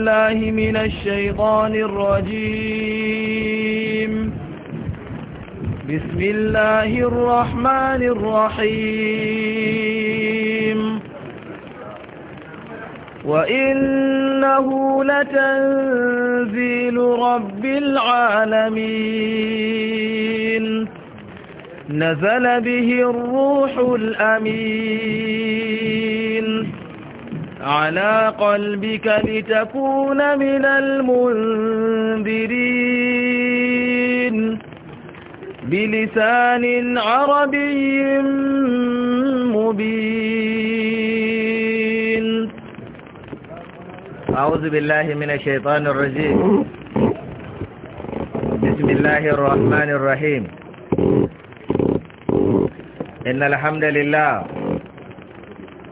الله من الشيطان الرجيم بسم الله الرحمن الرحيم وإنه لتنزيل رب العالمين نزل به الروح الأمين على قلبك لتكون من المنذرين بلسان عربي مبين أعوذ بالله من الشيطان الرجيم بسم الله الرحمن الرحيم إن الحمد لله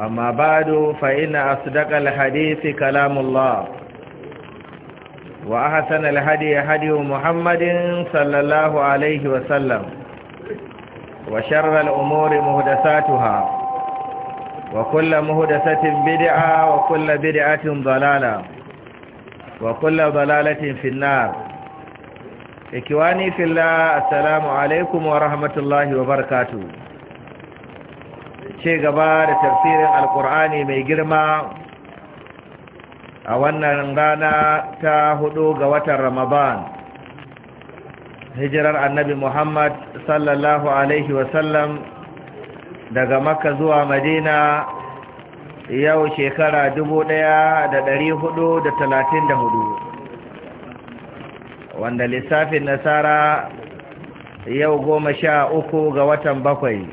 أما بعد فإن أصدق الحديث كلام الله وأحسن الهدي هدي محمد صلى الله عليه وسلم وشر الأمور مهدساتها وكل مهدسة بدعة وكل بدعة ضلالة وكل ضلالة في النار إكواني في الله السلام عليكم ورحمة الله وبركاته ce gaba da tafsirin alkur'ani mai girma a wannan rana ta hudu ga watan ramadan hijirar annabi muhammad sallallahu alaihi wasallam daga makka zuwa madina yau shekara dubu ɗaya da ɗari hudu da talatin da hudu wanda lissafin nasara yau goma sha uku ga watan bakwai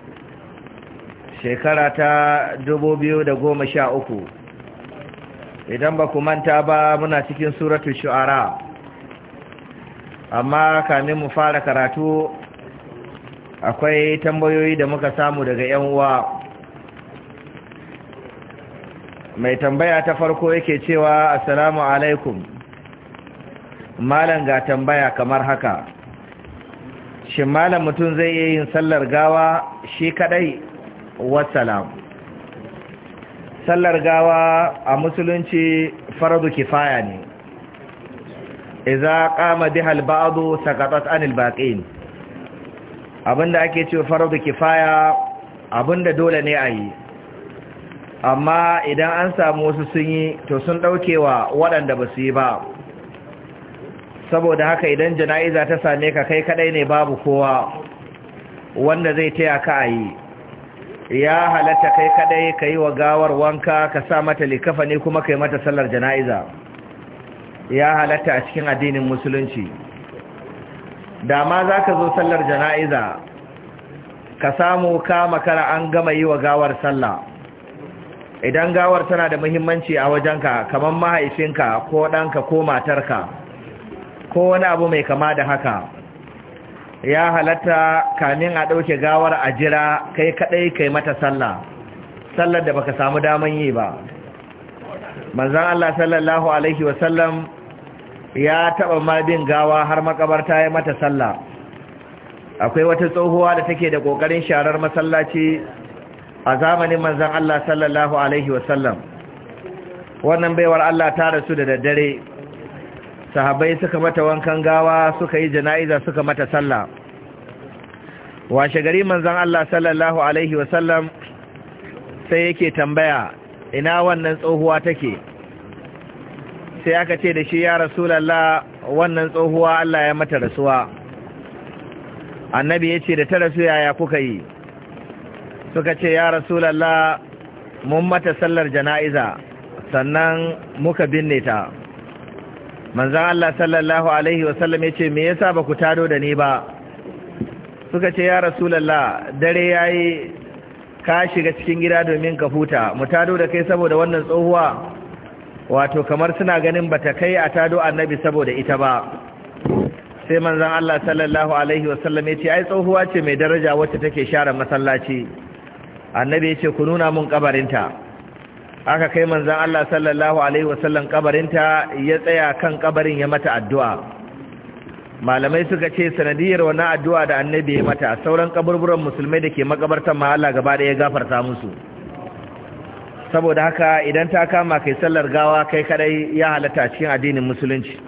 shekara ta da goma sha uku, idan ba ku manta ba muna cikin suratun shu'ara amma kamin mu fara karatu akwai tambayoyi da muka samu daga yan uwa mai tambaya ta farko yake cewa assalamu alaikum malam ga tambaya kamar haka shin malam mutum zai iya yin sallar gawa shi kadai wasalam sallar gawa a musulunci faradu kifaya ne idza qama biha al-ba'du saqatat anil baqin abinda ake cewa faradu kifaya abinda dole ne a yi amma idan an samu wasu sun yi to sun ɗaukewa waɗanda ba su yi ba saboda haka idan jana'iza ta same ka kai kadai ne babu kowa wanda zai taya ka a yi ya halatta kai kadai ka yi wa gawar wanka ka sa mata likafa ne kuma ka yi mata sallar jana'iza ya halatta a cikin addinin musulunci Dama ma za ka zo sallar jana'iza ka samu ka makara an gama yi wa gawar sallah idan gawar tana da muhimmanci a wajenka kamar mahaifinka ko ɗanka ko matarka ko wani abu mai kama da haka ya halatta kamin a ɗauke gawar a jira kai kaɗai kai mata sallah sallar da baka samu daman yi ba manzan Allah sallallahu Alaihi wasallam ya taɓa ma bin gawa har makabarta ya mata sallah akwai wata tsohuwa da take da ƙoƙarin sharar masallaci a zamanin manzan Allah sallallahu Alaihi wasallam wannan baiwar Allah ta rasu da daddare sahabbai suka mata wankan gawa suka yi jana'iza suka mata sallah washe gari manzon Allah sallallahu alaihi wasallam sai yake tambaya ina wannan tsohuwa take sai aka ce da shi ya rasulullah wannan tsohuwa Allah ya mata rasuwa annabi ya ce da ta rasu yaya kuka yi suka ce ya rasulullah mun mata sallar jana'iza sannan muka binne ta manzan Allah sallallahu Alaihi wasallam ya ce me yasa ba ku tado da ni ba suka ce ya rasulallah dare ya yi ka shiga cikin gida domin ka huta mu tado da kai saboda wannan tsohuwa wato kamar suna ganin ba ta kai a tado annabi saboda ita ba sai manzan Allah sallallahu Alaihi wasallam ya ce ai tsohuwa ce mai daraja wacce take share masallaci annabi ya ce ku nuna mun kabarinta aka kai manzan Allah sallallahu alaihi wasallam kabarinta ya tsaya kan kabarin ya mata addu'a malamai suka ce sanadiyar wani addu'a da annabi ya mata sauran kaburburan musulmai da ke makabartar ma gaba da ya gafarta musu saboda haka idan ta kama kai sallar gawa kai kadai ya halatta cikin addinin musulunci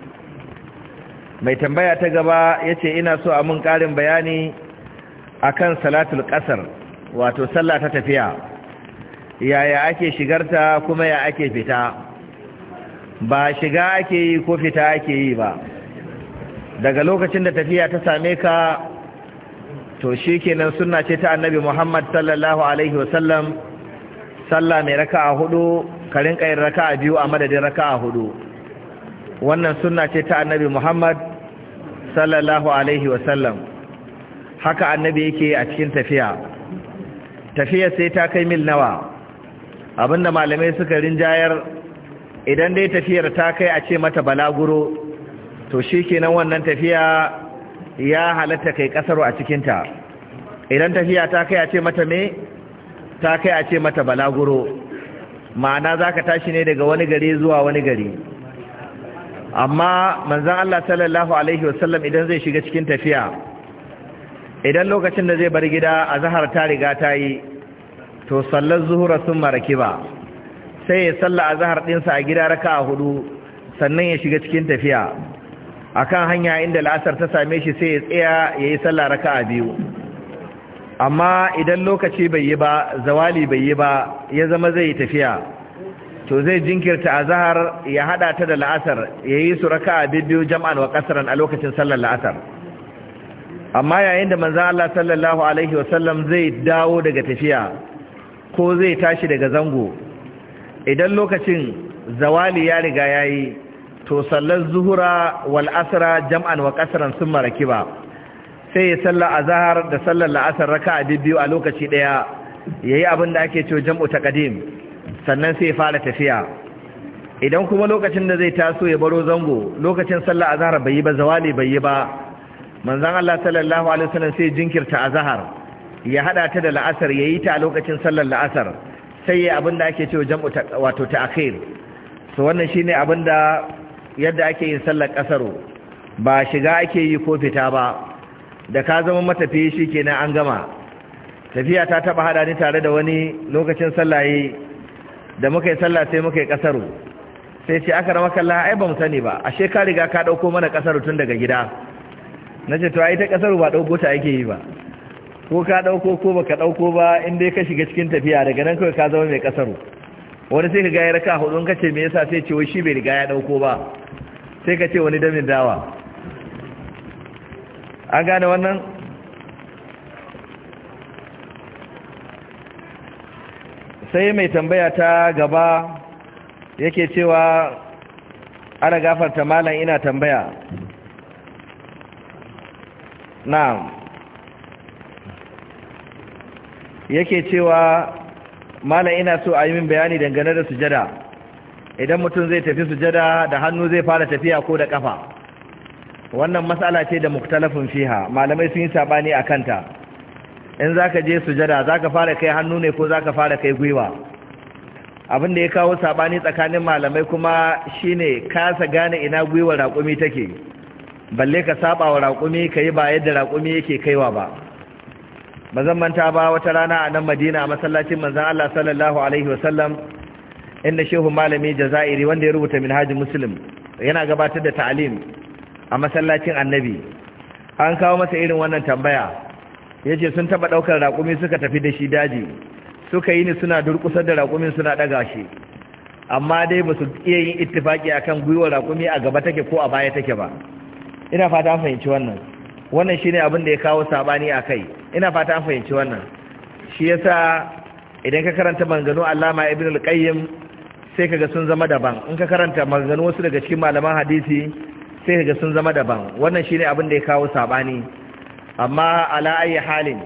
mai tambaya ta gaba ya ce ina so a mun karin bayani akan salatul ƙasar wato sallah ta tafiya yaya ake shigarta kuma ya ake fita ba shiga ake yi ko fita ake yi ba daga lokacin da tafiya ta same ka to shi kenan suna ce ta annabi muhammad sallallahu alaihi wasallam sallah mai raka a hudu karin raka a biyu a madadin raka a hudu wannan suna ce ta annabi muhammad sallallahu alaihi wasallam haka annabi yake a cikin tafiya Tafiya sai ta kai mil nawa Abin da malamai suka rinjayar idan dai tafiyar ta kai a ce mata balaguro to shi kenan wannan tafiya ya halatta kai kasaro a cikinta idan tafiya ta kai a ce mata me ta kai a ce mata balaguro ma'ana zaka tashi ne daga wani gari zuwa wani gari amma manzan Allah sallallahu Alaihi wasallam idan zai shiga cikin tafiya idan lokacin da zai bar gida a zahar ta riga ta yi to sallar zuhura sun maraki ba sai ya salla a zahar ɗinsa a gida raka a hudu sannan ya shiga cikin tafiya a kan hanya inda la'asar ta same shi sai ya tsaya ya yi salla raka a biyu amma idan lokaci bai yi ba zawali bai yi ba ya zama zai yi tafiya to zai jinkirta a zahar ya hada ta da la'asar ya yi su raka a biyu jam'an wa kasaran a lokacin sallar la'asar amma yayin da manzan Allah sallallahu Alaihi wasallam zai dawo daga tafiya ko zai tashi daga zango idan lokacin zawali ya riga ya yi to sallar zuhura wal asra jam'an wa kasran sun maraki ba sai ya salla azhar da sallar la'asar raka'a biyu a lokaci daya yayi abin da ake cewa jam'u taqdim sannan sai ya fara tafiya idan kuma lokacin da zai taso ya baro zango lokacin sallar azahar bai yi ba zawali bai yi ba manzon Allah sallallahu alaihi wasallam sai jinkirta azhar ya hada ta da la'asar ya yi ta a lokacin sallar la'asar sai ya abin da ake wa jam'u wato akhir so wannan ne abin da yadda ake yin sallar ƙasaru ba shiga ake yi ko fita ba da ka zama ke na an gama tafiya ta taba hada ni tare da wani lokacin sallaye da muka yi sallah sai muka yi ƙasaru. sai ce aka rama kalla ai ba mu sani ba ashe ka riga ka dauko mana ƙasaru tun daga gida ce to ai ta ƙasaru ba dauko ta ake yi ba ko ka ɗauko ko baka ɗauko ba in ka shiga cikin tafiya daga nan kawai ka zama mai ƙasaru, wani sai ka gaya raka hudu ka ce me yasa sai ce wai shi bai riga ya ɗauko ba sai ka ce wani damin dawa an gane wannan sai mai tambaya ta gaba yake cewa ana gafarta malam ina tambaya na. yake cewa mala ina so a yi min bayani dangane da sujada idan mutum zai tafi sujada da hannu zai fara tafiya ko da kafa wannan matsala ce da muktalafin fiha malamai sun yi sabani a kanta in za ka je sujada za ka fara kai hannu ne ko za ka fara kai gwiwa abin da ya kawo sabani tsakanin malamai kuma shi ne kasa gane ina gwiwar raƙumi take balle ka saba wa raƙumi ka yi ba yadda raƙumi yake kaiwa ba manta ba wata rana a nan madina a masallacin manzan Allah sallallahu alaihi wasallam inda shehu malami jazairi wanda ya rubuta minhajin muslim yana gabatar da ta'alim a masallacin annabi an kawo masa irin wannan tambaya ya ce sun taba daukar raƙumi suka tafi da shi daji suka yi ni suna durkusar da raƙumin suna daga shi amma dai ba su iya yin ittifaki akan gwiwar raƙumi a gaba take ko a baya take ba ina fata fahimci wannan wannan ne abin da ya kawo sabani kai. ina fata an fahimci wannan shi ya sa idan ka karanta manganu Allama Ibn al-Qayyim sai kaga sun zama daban in ka karanta manganu wasu daga cikin malaman hadisi sai kaga sun zama daban wannan ne abin da ya kawo sabani amma ala ayi halin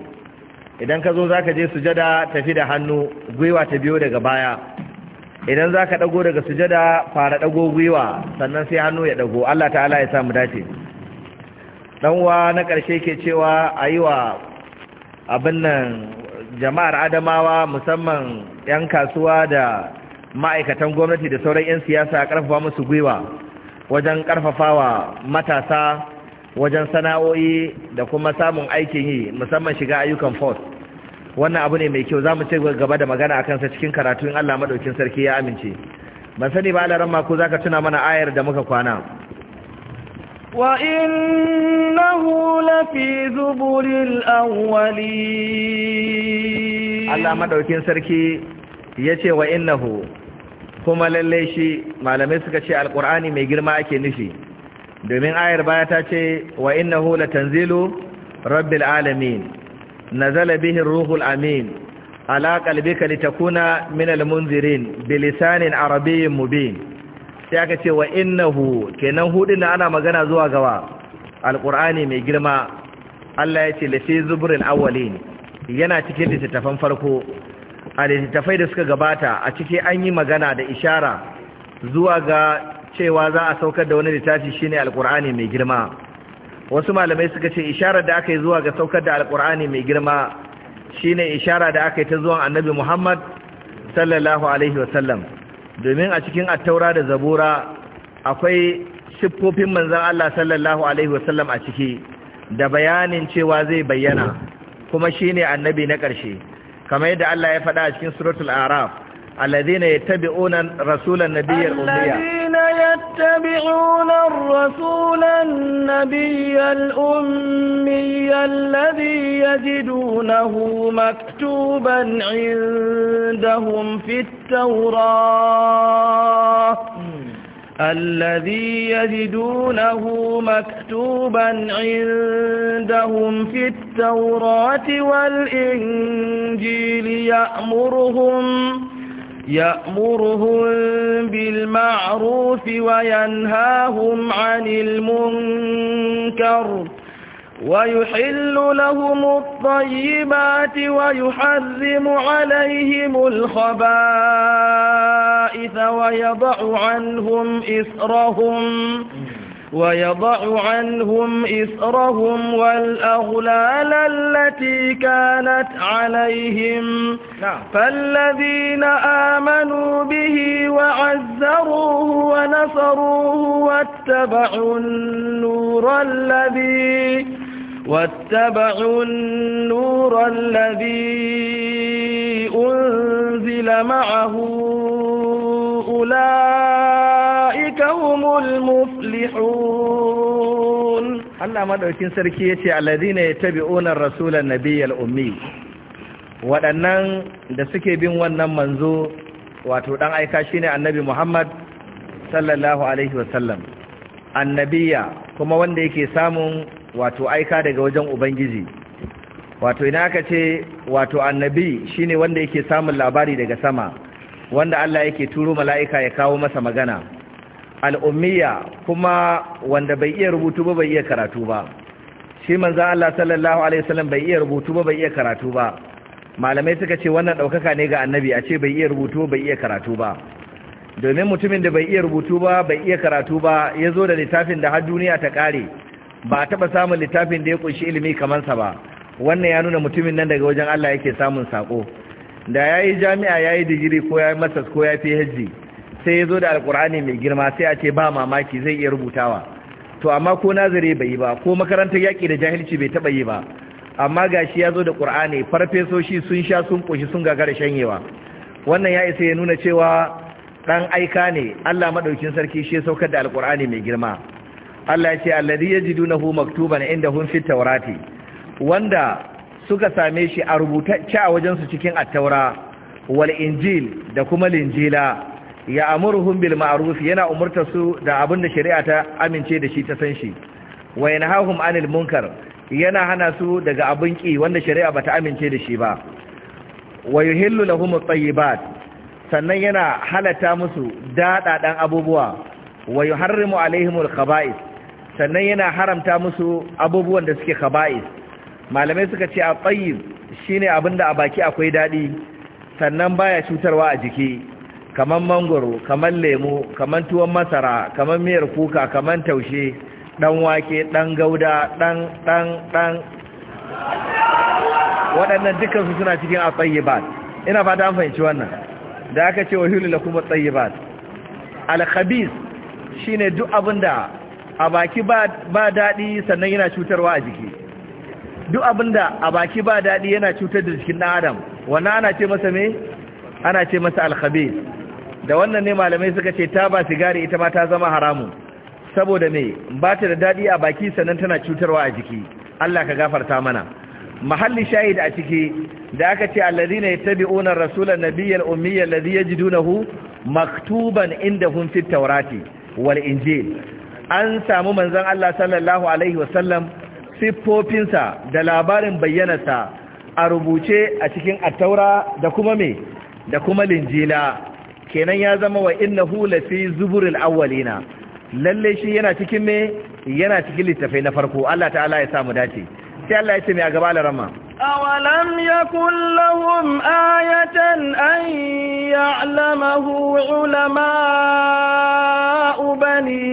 idan ka zo za ka je sujada tafi da hannu gwiwa ta biyo daga baya idan za ka ɗago daga sujada fara ɗago gwiwa sannan sai hannu ya ɗago Allah ta'ala ya sa mu dace ɗanwa na ƙarshe ke cewa a yi wa abin nan jama'ar adamawa musamman 'yan kasuwa da ma'aikatan gwamnati da sauran 'yan siyasa ƙarfafa musu gwiwa wajen ƙarfafawa matasa wajen sana'o'i da kuma samun aikin yi musamman shiga ayyukan fos wannan abu ne mai kyau za mu ce gaba da magana a kansa cikin karatun allah maɗaukin sarki ya amince ban sani ba alaran mako za ka tuna mana ayar da muka kwana وإنه لفي زبر Allah Madaukin Sarki سركي يتي وإنه kuma lalle shi malamai suka ce Alƙur'ani mai girma ake nufi domin ayar baya ta ce wa innahu latanzilu rabbil alamin nazala bihi ruhul amin ala qalbika litakuna minal munzirin bilisanin arabiyyin mubin sai aka ce wa innahu kenan hudin da ana magana zuwa gawa alqur'ani mai girma Allah ya ce lafi zuburin awwalin yana cikin littattafan farko a littattafai da suka gabata a ciki an yi magana da ishara zuwa ga cewa za a saukar da wani littafi shine alqur'ani mai girma wasu malamai suka ce ishara da aka yi zuwa ga saukar da alqur'ani mai girma shine ishara da aka yi ta zuwan annabi Muhammad sallallahu alaihi wasallam domin a cikin attaura da zabura akwai siffofin manzan Allah sallallahu Alaihi wasallam a ciki da bayanin cewa zai bayyana kuma shi ne annabi na ƙarshe kamar yadda Allah ya faɗa a cikin suratul araf alladhina yattabi'una rasulan nabiyyar ummiya يتبعون الرسول النبي الأمي الذي يجدونه مكتوبا عندهم في التوراة الذي يجدونه مكتوبا عندهم في التوراة والإنجيل يأمرهم يأمرهم بالمعروف وينهاهم عن المنكر ويحل لهم الطيبات ويحرم عليهم الخبائث ويضع عنهم إسرهم ويضع عنهم إسرهم والأغلال التي كانت عليهم نعم. فالذين آمنوا به وعزروه ونصروه واتبعوا النور الذي واتبعوا النور الذي أنزل معه أولئك أولئك هم المفلحون الله مدعوكين سركية الذين يتبعون الرسول النبي الأمي waɗannan da suke bin wannan manzo wato ɗan aika shine annabi Muhammad sallallahu alaihi wasallam annabiya kuma wanda yake samun wato aika daga wajen ubangiji wato ina aka ce wato annabi shine wanda yake samun labari daga sama wanda Allah yake turo mala'ika ya kawo masa magana al'ummiya kuma wanda bai iya rubutu ba bai iya karatu ba shi manzan Allah sallallahu alaihi wasallam bai iya rubutu ba bai iya karatu ba malamai suka ce wannan ɗaukaka ne ga annabi a ce bai iya rubutu ba bai iya karatu ba domin mutumin da bai iya rubutu ba bai iya karatu ba ya zo da littafin da har duniya ta kare ba a taɓa samun littafin da ya ƙunshi ilimi kamansa ba wannan ya nuna mutumin nan daga wajen Allah yake samun sako da ya yi jami'a ya yi digiri ko ya yi masas ko ya fi phd sai ya zo da alkur'ani mai girma sai a ce ba mamaki zai iya rubutawa to amma ko nazari bai yi ba ko makarantar yaƙi da jahilci bai taɓa yi ba amma gashi ya zo da ƙur'ani farfesoshi sun sha sun ƙoshi sun gagara shanyewa wannan ya isa ya nuna cewa ɗan aika ne allah maɗaukin sarki shi ya saukar da alƙur'ani mai girma allah ya ce ji dunahu maktuban inda hunfi taurati wanda suka same shi a rubuta a wajensu cikin attaura wal injil da kuma linjila ya amurhum bil ma'ruf yana umurtasu da abin da shari'a ta amince da shi ta san shi wa yanahum anil munkar yana hana su daga abin ki wanda shari'a bata amince da shi ba wa yuhillu lahum at-tayyibat sannan yana halata musu dadadan abubuwa wa yuharrimu alaihim al khabais sannan yana haramta musu abubuwan da suke khaba'is malamai suka ce a tayyib shine abinda a baki akwai dadi sannan baya cutarwa a jiki kamar mangoro kamar lemu, kamar tuwon masara kamar miyar kuka kamar taushe dan wake dan gauda dan dan dan waɗannan su suna cikin a tsayyibat ina fata an fahimci wannan da aka ce wa hilu da kuma al alkhabis shine duk abinda a baki ba dadi sannan yana cutarwa a jiki duk abinda a baki ba dadi yana cutar da jikin ɗan adam wannan ana ce masa me ana ce masa alkhabis da wannan ne malamai suka ce ta ba sigari ita ma ta zama haramun saboda me ba ta da daɗi a baki sannan tana cutarwa a jiki Allah ka gafarta mana mahalli shahid a ciki da aka ce allazina yattabi'una rasulan nabiyyal ummiy ladhi yajidunahu maktuban indahum fit tawrati wal injil an samu manzon Allah sallallahu alaihi wasallam siffofinsa da labarin bayyana sa a rubuce a cikin attaura da kuma me da kuma linjila kenan ya zama wa innahu lafi awali na lalle shi yana cikin me yana cikin littafai na farko Allah ta'ala ya samu dace sai Allah ya ce me a gaba larama awalam yakul lahum ayatan an ya'lamahu ulama bani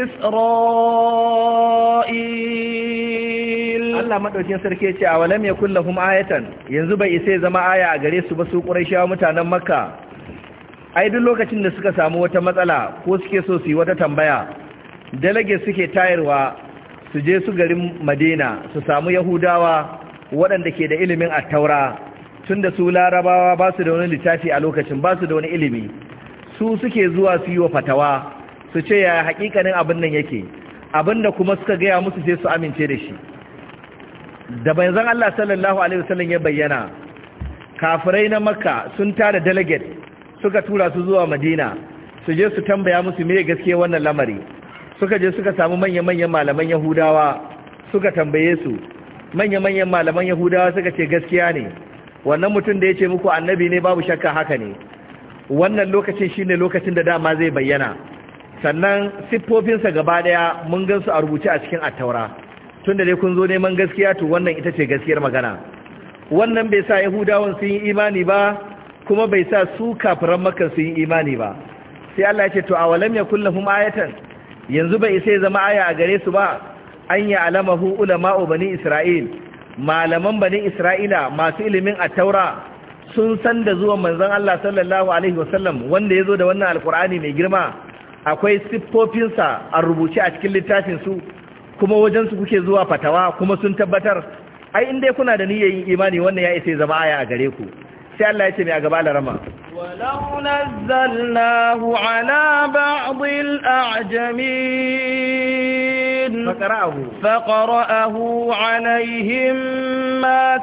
isra'il Allah madaukin sarki ce a walam yakul lahum ayatan yanzu bai isa zama aya a gare su ba su quraishawa mutanen makka ai duk lokacin da suka samu wata matsala ko suke so su yi wata tambaya dalage suke tayarwa su je su garin madina su samu yahudawa waɗanda ke da ilimin attaura tunda tunda su larabawa ba su da wani littafi a lokacin ba su da wani ilimi su suke zuwa su yi wa fatawa su ce ya hakikanin abin nan yake abinda kuma suka gaya musu sai su amince da shi da zan Allah sallallahu alaihi wasallam ya bayyana kafirai na makka sun tara delegate suka tura su zuwa madina su je su tambaya musu me gaskiya wannan lamari suka je suka samu manya-manyan malaman yahudawa suka tambaye su manya-manyan malaman yahudawa suka ce gaskiya ne wannan mutum da ya ce muku annabi ne babu shakka haka ne wannan lokacin shine lokacin da dama zai bayyana sannan siffofinsa gaba ɗaya mun gan su a rubuce a cikin attaura tun da dai kun zo neman gaskiya to wannan ita ce gaskiyar magana wannan bai sa yahudawan sun yi imani ba kuma bai sa su kafiran makka sun yi imani ba sai Allah ya ce to awalam ya lahum ayatan yanzu bai sai zama aya a gare su ba an ya alamahu ulama'u bani isra'il malaman bani isra'ila masu ilimin at-taura sun san da zuwan manzon Allah sallallahu alaihi wasallam wanda yazo da wannan alqur'ani mai girma akwai siffofinsa a rubuce a cikin littafin su kuma wajensu kuke zuwa fatawa kuma sun tabbatar ai in dai kuna da niyyar imani wannan ya isa zama aya a gare ku sai Allah ya ce mai a gaba larama ولو نزلناه على بعض الأعجمين فقرأه, فقرأه عليهم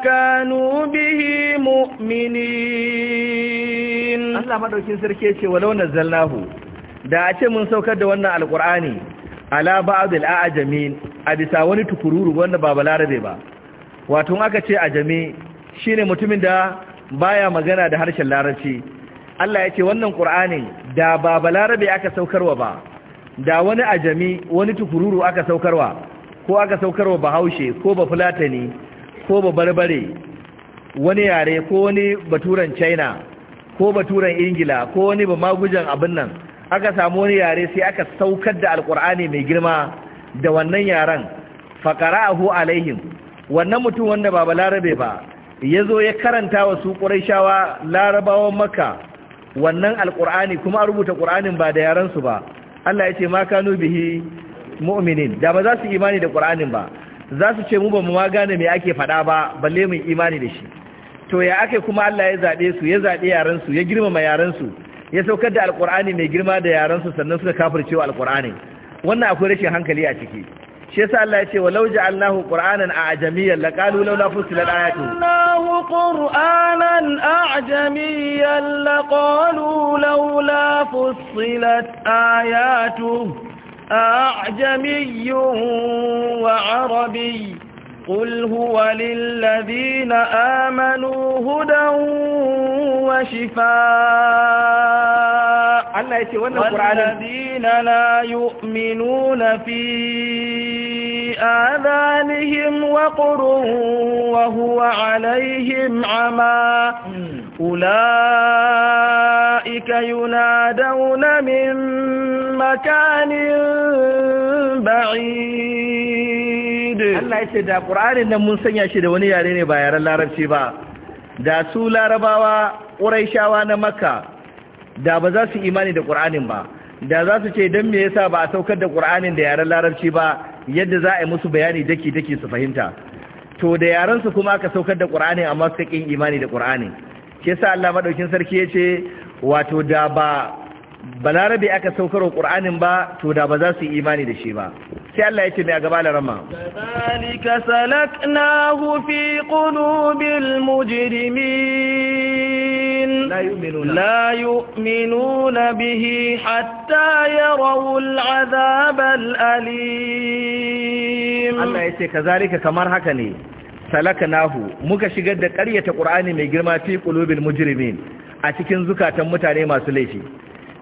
kanu bihi به Allah الله sarki دوكين سركيتي ولو نزلناه da a ce mun saukar da wannan alkur'ani ala ba'd al-a'jamin a bisa wani tukururu wanda ba balarabe ba wato aka ce a jami shine mutumin da baya magana da harshen larabci Allah ya ce wannan Kur'anin da ba balarabe aka saukarwa ba da wani ajami wani tukururu aka saukarwa ko aka saukarwa bahaushe ko ba fulatani ko ba barbare wani yare ko wani baturan china ko baturan ingila ko wani ba magujan abin nan aka samu wani yare sai aka saukar da alƙur'ani mai girma da wannan yaran faqara'ahu alaihim wannan mutum wanda ba balarabe ba ya zo ya karanta wa su quraishawa larabawan makka wannan alqur'ani kuma a rubuta Ƙur'anin ba da yaran su ba Allah ya ce ma kanu bihi mu'minin da ba za su imani da qur'anin ba za su ce mu ba mu ma gane me ake faɗa ba balle mu imani da shi to ya ake kuma Allah ya zaɓe su ya zaɓe yaran ya girmama yarensu ya saukar da Alƙur'ani mai girma da yaran su sannan suka kafircewa alqur'ani wannan akwai rashin hankali a ciki shi yasa Allah ya ce walau ja'alnahu qur'anan a'jamiyyan laqalu laula fussilat ayatu Allahu qur'anan a'jamiyyan laqalu laula fussilat ayatu a'jamiyyun wa arabiyyun قل هو للذين آمنوا هدى وشفاء والذين لا يؤمنون في آذانهم وقر وهو عليهم عمى أولئك ينادون من مكان بعيد مجيد الله يتي دا da نمون سنيا شد ونيارين باير الله ربشي با دا سولا رباوا قريشاوان na makka da ba za su imani da ba za su ce dan me yasa ba a saukar da qur'anin da yaren larabci ba yadda za a yi musu bayani daki-daki su fahimta to da yaren su kuma aka saukar da qur'anin amma su ƙin imani da qur'anin shi yasa Allah madaukin sarki yace wato da ba balarabe aka wa ƙur'anin ba to da ba za su yi imani da shi ba sai Allah ya ce mai a gaba da rama zalika salaknahu fi qulubil mujrimin la yu'minuna bihi hatta rawul al'azab al'alim Allah ya ce kazalika kamar haka ne nahu muka shigar da ƙaryata ƙur'ani mai girma fi qulubil mujrimin a cikin zukatan mutane masu laifi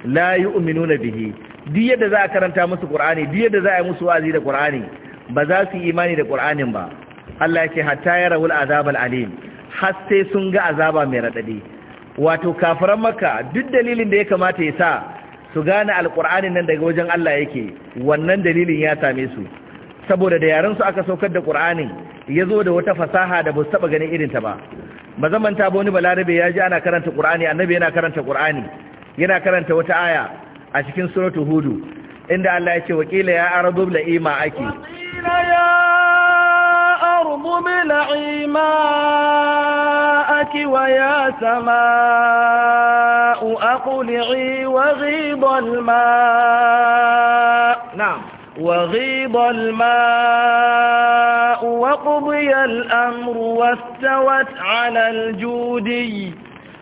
la yu'minuna bihi duk yadda za a karanta musu qur'ani duk yadda za a yi musu wa'azi da qur'ani ba za su yi imani da qur'anin ba Allah yake hatta yarawul azabal alim har sai sun ga azaba mai radadi wato kafiran makka duk dalilin da ya kamata ya sa su gane alqur'anin nan daga wajen Allah yake wannan dalilin ya same su saboda da yaran su aka saukar da qur'anin ya zo da wata fasaha da ba su taba ganin irinta ba ba zaman ta ba wani balarabe ya ji ana karanta qur'ani annabi yana karanta qur'ani yana karanta wata aya a cikin suratul hudu inda Allah ya ce wakila ya arabu la'i ma'aki wakila ya arabu la'i ma'aki wa ya sama'u aquli'i wa ghibal ma' na'am وغيض الماء وقضي الأمر واستوت على الجودي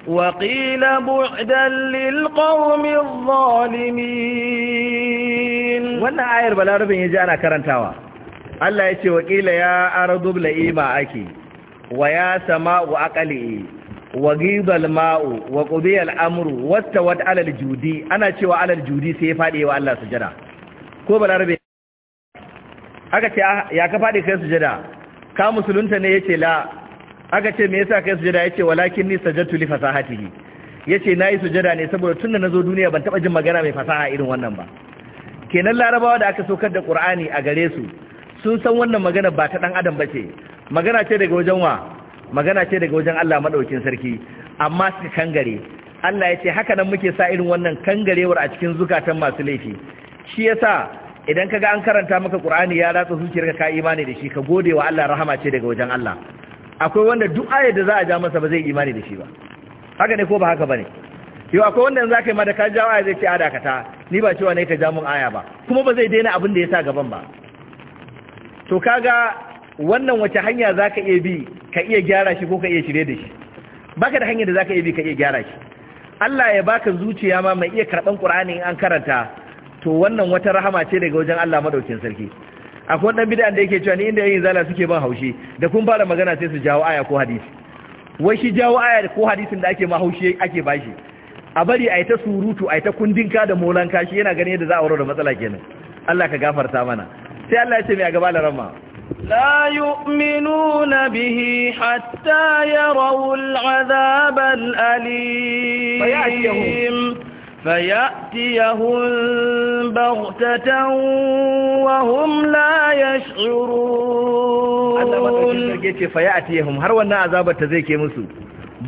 وقيل بعدا للقوم الظالمين wannan ayar balarabin je ana karantawa Allah yace waqila ya ardu blaima aki wa ya sama'u aqali wa ghibal ma'u wa qudiya amru wattawat ala al-judi ana cewa ala judi sai ya fadi wa Allah sujada ko balarabin aka ce ah, ya ka fadi kai sujada ka musulunta ne yace la aka ce me yasa kai sujada yace walakin ni sajadtu li fasahatihi yace nayi sujada ne saboda tunda nazo duniya ban taba jin magana mai fasaha irin wannan ba kenan larabawa da aka saukar da qur'ani a gare su sun san wannan magana ba ta dan adam bace magana ce daga wajen wa magana ce daga wajen Allah madaukin sarki amma su kangare Allah yace haka nan muke sa irin wannan kangarewar a cikin zukatan masu laifi shi yasa idan kaga an karanta maka qur'ani ya ratsa zuciyarka ka imani da shi ka gode wa Allah rahama ce daga wajen Allah akwai wanda duk ayar da za a ja masa ba zai imani da shi ba haka ne ko ba haka bane yau akwai wanda za ka yi ma da ka jawo aya zai ce a dakata ni ba cewa ne ka ja mun aya ba kuma ba zai daina abin da ya sa gaban ba to kaga wannan wace hanya za ka iya bi ka iya gyara shi ko ka iya shirye da shi baka da hanyar da za ka iya bi ka iya gyara shi Allah ya baka zuciya ma mai iya karɓan ƙur'ani in an karanta to wannan wata rahama ce daga wajen Allah madaukin sarki akwai dan bid'a da yake cewa ni inda yayin zala suke ban haushi da kun fara magana sai su jawo aya ko hadisi wai shi jawo aya ko hadisin da ake ma haushi ake bashi a bari a yi ta surutu a yi ta kundinka da molan shi yana gani yadda za a wuro da matsala kenan Allah ka gafarta mana sai Allah ya ce mai a gaba larama لا يؤمنون bihi hatta يروا العذاب الأليم alim. فيأتيهم بغتة وهم لا يشعرون Allah matsakin sarki ce fayatihum har wannan azabar ta zai ke musu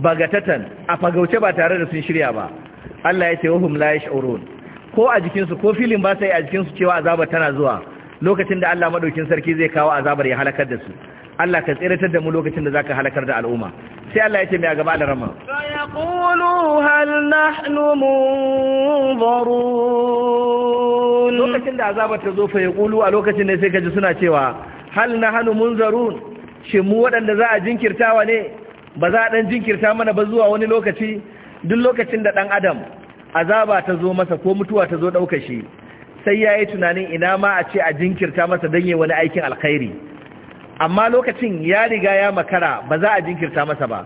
bagatatan a fagauce ba tare da sun shirya ba Allah ya ce wahum la yash'urun ko a jikin su ko filin ba sai a jikin su cewa azabar tana zuwa lokacin da Allah madaukin sarki zai kawo azabar ya halakar da su Allah ka tsiratar da mu lokacin da zaka halakar da al'umma sai Allah yake mai a gaba da rama yaqulu hal nahnu munzarun lokacin da azaba ta zo fa yaqulu a lokacin ne sai kaji suna cewa hal nahnu munzarun shin mu waɗanda za a jinkirtawa ne ba za a dan jinkirta mana ba zuwa wani lokaci duk lokacin da dan adam azaba ta zo masa ko mutuwa ta zo ɗauka shi sai yayi tunanin ina ma a ce a jinkirta masa dan wani aikin alkhairi amma lokacin ya riga ya makara ba za a jinkirta masa ba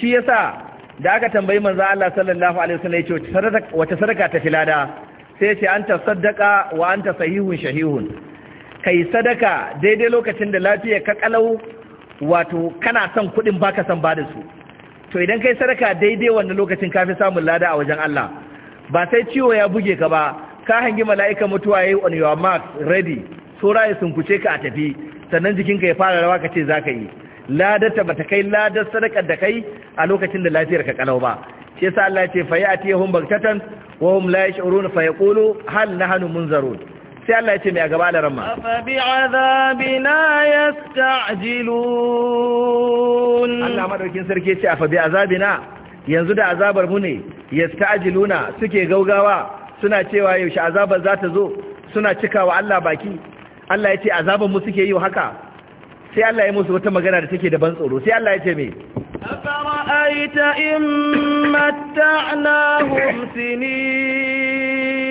shi yasa da aka tambayi manzo Allah sallallahu alaihi wasallam yace wace sadaka ta filada sai yace anta saddaqa wa anta sahihun shahihun kai sadaka daidai lokacin da lafiya ka kalau wato kana son kudin baka san ba da su to idan kai sadaka daidai wannan lokacin kafi samun lada a wajen Allah ba sai ciwo ya buge ka ba ka hangi mala'ika mutuwa yayi on your mark ready tsora ya sunkuce ka a tafi sannan jikinka ya fara rawa ka ce za ka yi ladarta ba ta kai ladar sadakar da kai a lokacin da lafiyar ka kalau ba shi yasa Allah ya ce fa a hum bagtatan wa hum la yash'urun fa yaqulu hal nahnu munzarun sai Allah ya ce mai a gaba da ramma fa bi azabina yasta'jilun Allah madaukin sarki ya ce fa bi azabina yanzu da azabar mu ne yasta'jiluna suke gaugawa suna cewa yaushe azabar za ta zo suna cikawa Allah baki Allah ya ce azaban mu suke yi haka sai Allah ya musu wata magana da take da ban tsoro sai Allah ya ce me afara'aita in matta'nahum sinin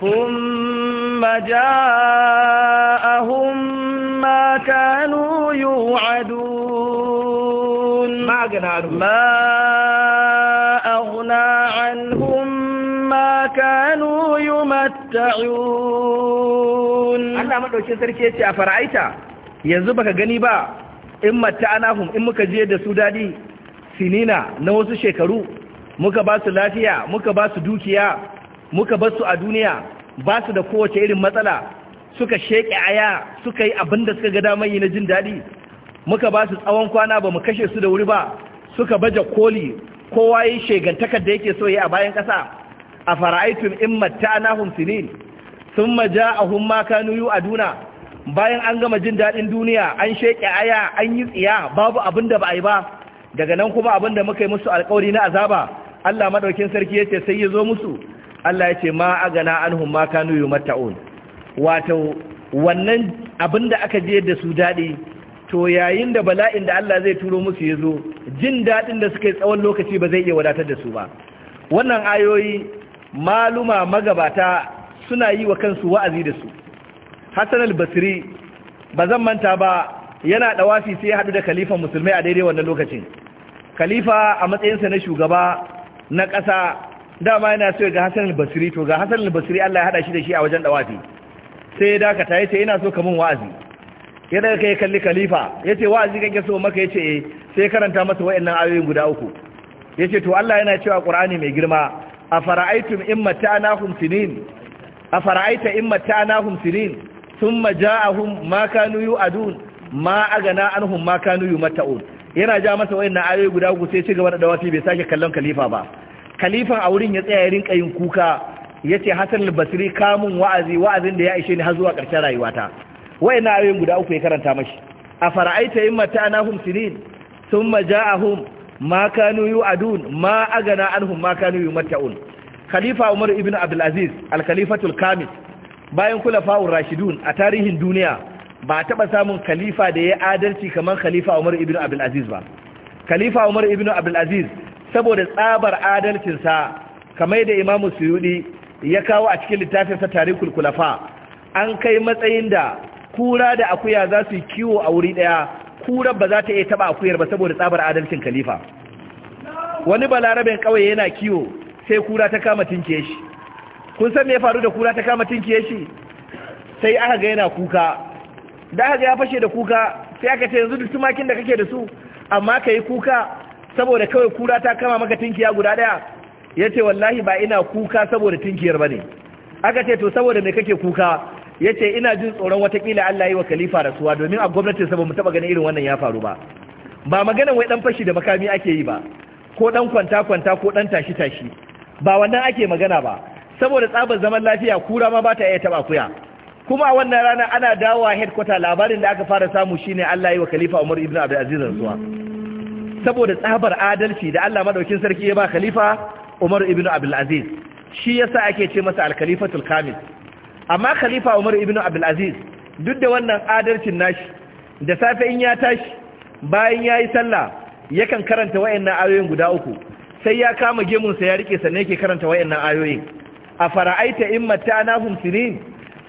ثم جاءهم ما كانوا يوعدون ما أغنى عنهم Sarki yace "A الله yanzu دوكي سركي gani ba? ينزبك in muka je da su daɗi, sinina na wasu shekaru muka ba su lafiya muka ba su dukiya muka ba su a duniya ba su da kowace irin matsala suka sheƙe aya suka yi abin da suka ga damar yi na jin daɗi muka ba su tsawon kwana ba mu kashe su da wuri ba suka baje koli kowa yi shegantakar da yake so yi a bayan ƙasa a fara'aitun in matta'anahum sinin thumma ja'ahum ma kanu duna bayan an gama jin daɗin duniya an sheƙe aya an yi tsiya babu da ba a yi ba daga nan kuma abin da muka yi musu alƙawari na azaba Allah maɗaukin sarki ya ce sai ya zo musu Allah ya ce ma a gana an humma kanu yumatta'un wato wannan abin da aka je da su daɗi, to yayin da bala'in da Allah zai turo musu ya zo, jin daɗin da suka yi tsawon lokaci ba zai iya wadatar da su ba wannan ayoyi maluma magabata suna yi wa kansu wa'azi da su hassan al-basri ba zan manta ba yana ɗawafi sai ya hadu da khalifa musulmai a daidai wannan lokacin khalifa a matsayinsa na shugaba na ƙasa dama yana so ga hassan al-basri to ga hassan al-basri allah ya haɗa shi da shi a wajen ɗawafi sai ya dakata ya ce yana so kamun wa'azi ya daga kai kalli khalifa ya ce wa'azi kake so maka ya ce eh, sai karanta masa wa'annan ayoyin guda uku ya ce to allah yana cewa ƙur'ani mai girma afara'aytum in mata'nahum sinin afara'aita in mata'nahum sinin thumma ja'ahum ma kanu yu'adun ma agana anhum ma kanu yana ja masa wayannan ayoyi guda uku sai ci gaba da dawafi bai sake kallon kalifa ba kalifan a wurin ya tsaya ya rinka yin kuka yace Hassan al-Basri kamun wa'azi wa'azin da ya ishe ni har zuwa ƙarshen rayuwata wayannan ayoyin guda uku ya karanta mashi afara'aita in mata'nahum sinin thumma ja'ahum ma kanu adun ma agana anhum ma kanu khalifa umar ibn abdul aziz al-khalifatul kamil bayan kulafa'ur rashidun a tarihin duniya ba taba samun khalifa da ya adalci kamar khalifa umar ibn abdul aziz ba khalifa umar ibn abdul aziz saboda tsabar adalcinsa kamar da imamu suyudi ya kawo a cikin littafinsa tarikul kulafa an kai matsayin da kura da akuya za su yi kiwo a wuri daya kura ba za ta iya taba akuyar ba saboda tsabar adalcin khalifa wani balarabin kawai yana kiwo sai kura ta kama tinkiye shi kun san me ya faru da kura ta kama tinkiye shi sai aka ga yana kuka da aka ya fashe da kuka sai aka ce yanzu duk tumakin da kake da su amma kayi kuka saboda kawai kura ta kama maka tinkiya guda daya yace wallahi ba ina kuka saboda tinkiyar ba ne aka ce to saboda me kake kuka ya ce ina jin tsoron watakila Allah yi wa khalifa rasuwa domin a gwamnati sa mu taba ganin irin wannan ya faru ba ba maganan wai dan fashi da makami ake yi ba ko dan kwanta kwanta ko dan tashi tashi ba wannan ake magana ba saboda tsabar zaman lafiya kura ma ba ta iya taba kuya kuma a wannan rana ana dawowa headquarter labarin da aka fara samu shine Allah yi wa Khalifa Umar ibn Abdul Aziz rasuwa saboda tsabar adalci da Allah madaukin sarki ya ba Khalifa Umar ibn Abdul Aziz shi yasa ake ce masa al-Khalifatul Kamil amma Khalifa Umar ibn Abdul Aziz duk da wannan adalcin nashi da safe in ya tashi bayan yayi sallah yakan karanta wayannan ayoyin guda uku sai ya kama gemun sa ya rike ne yake karanta wayannan ayoyin a fara'aita in mattanahum hum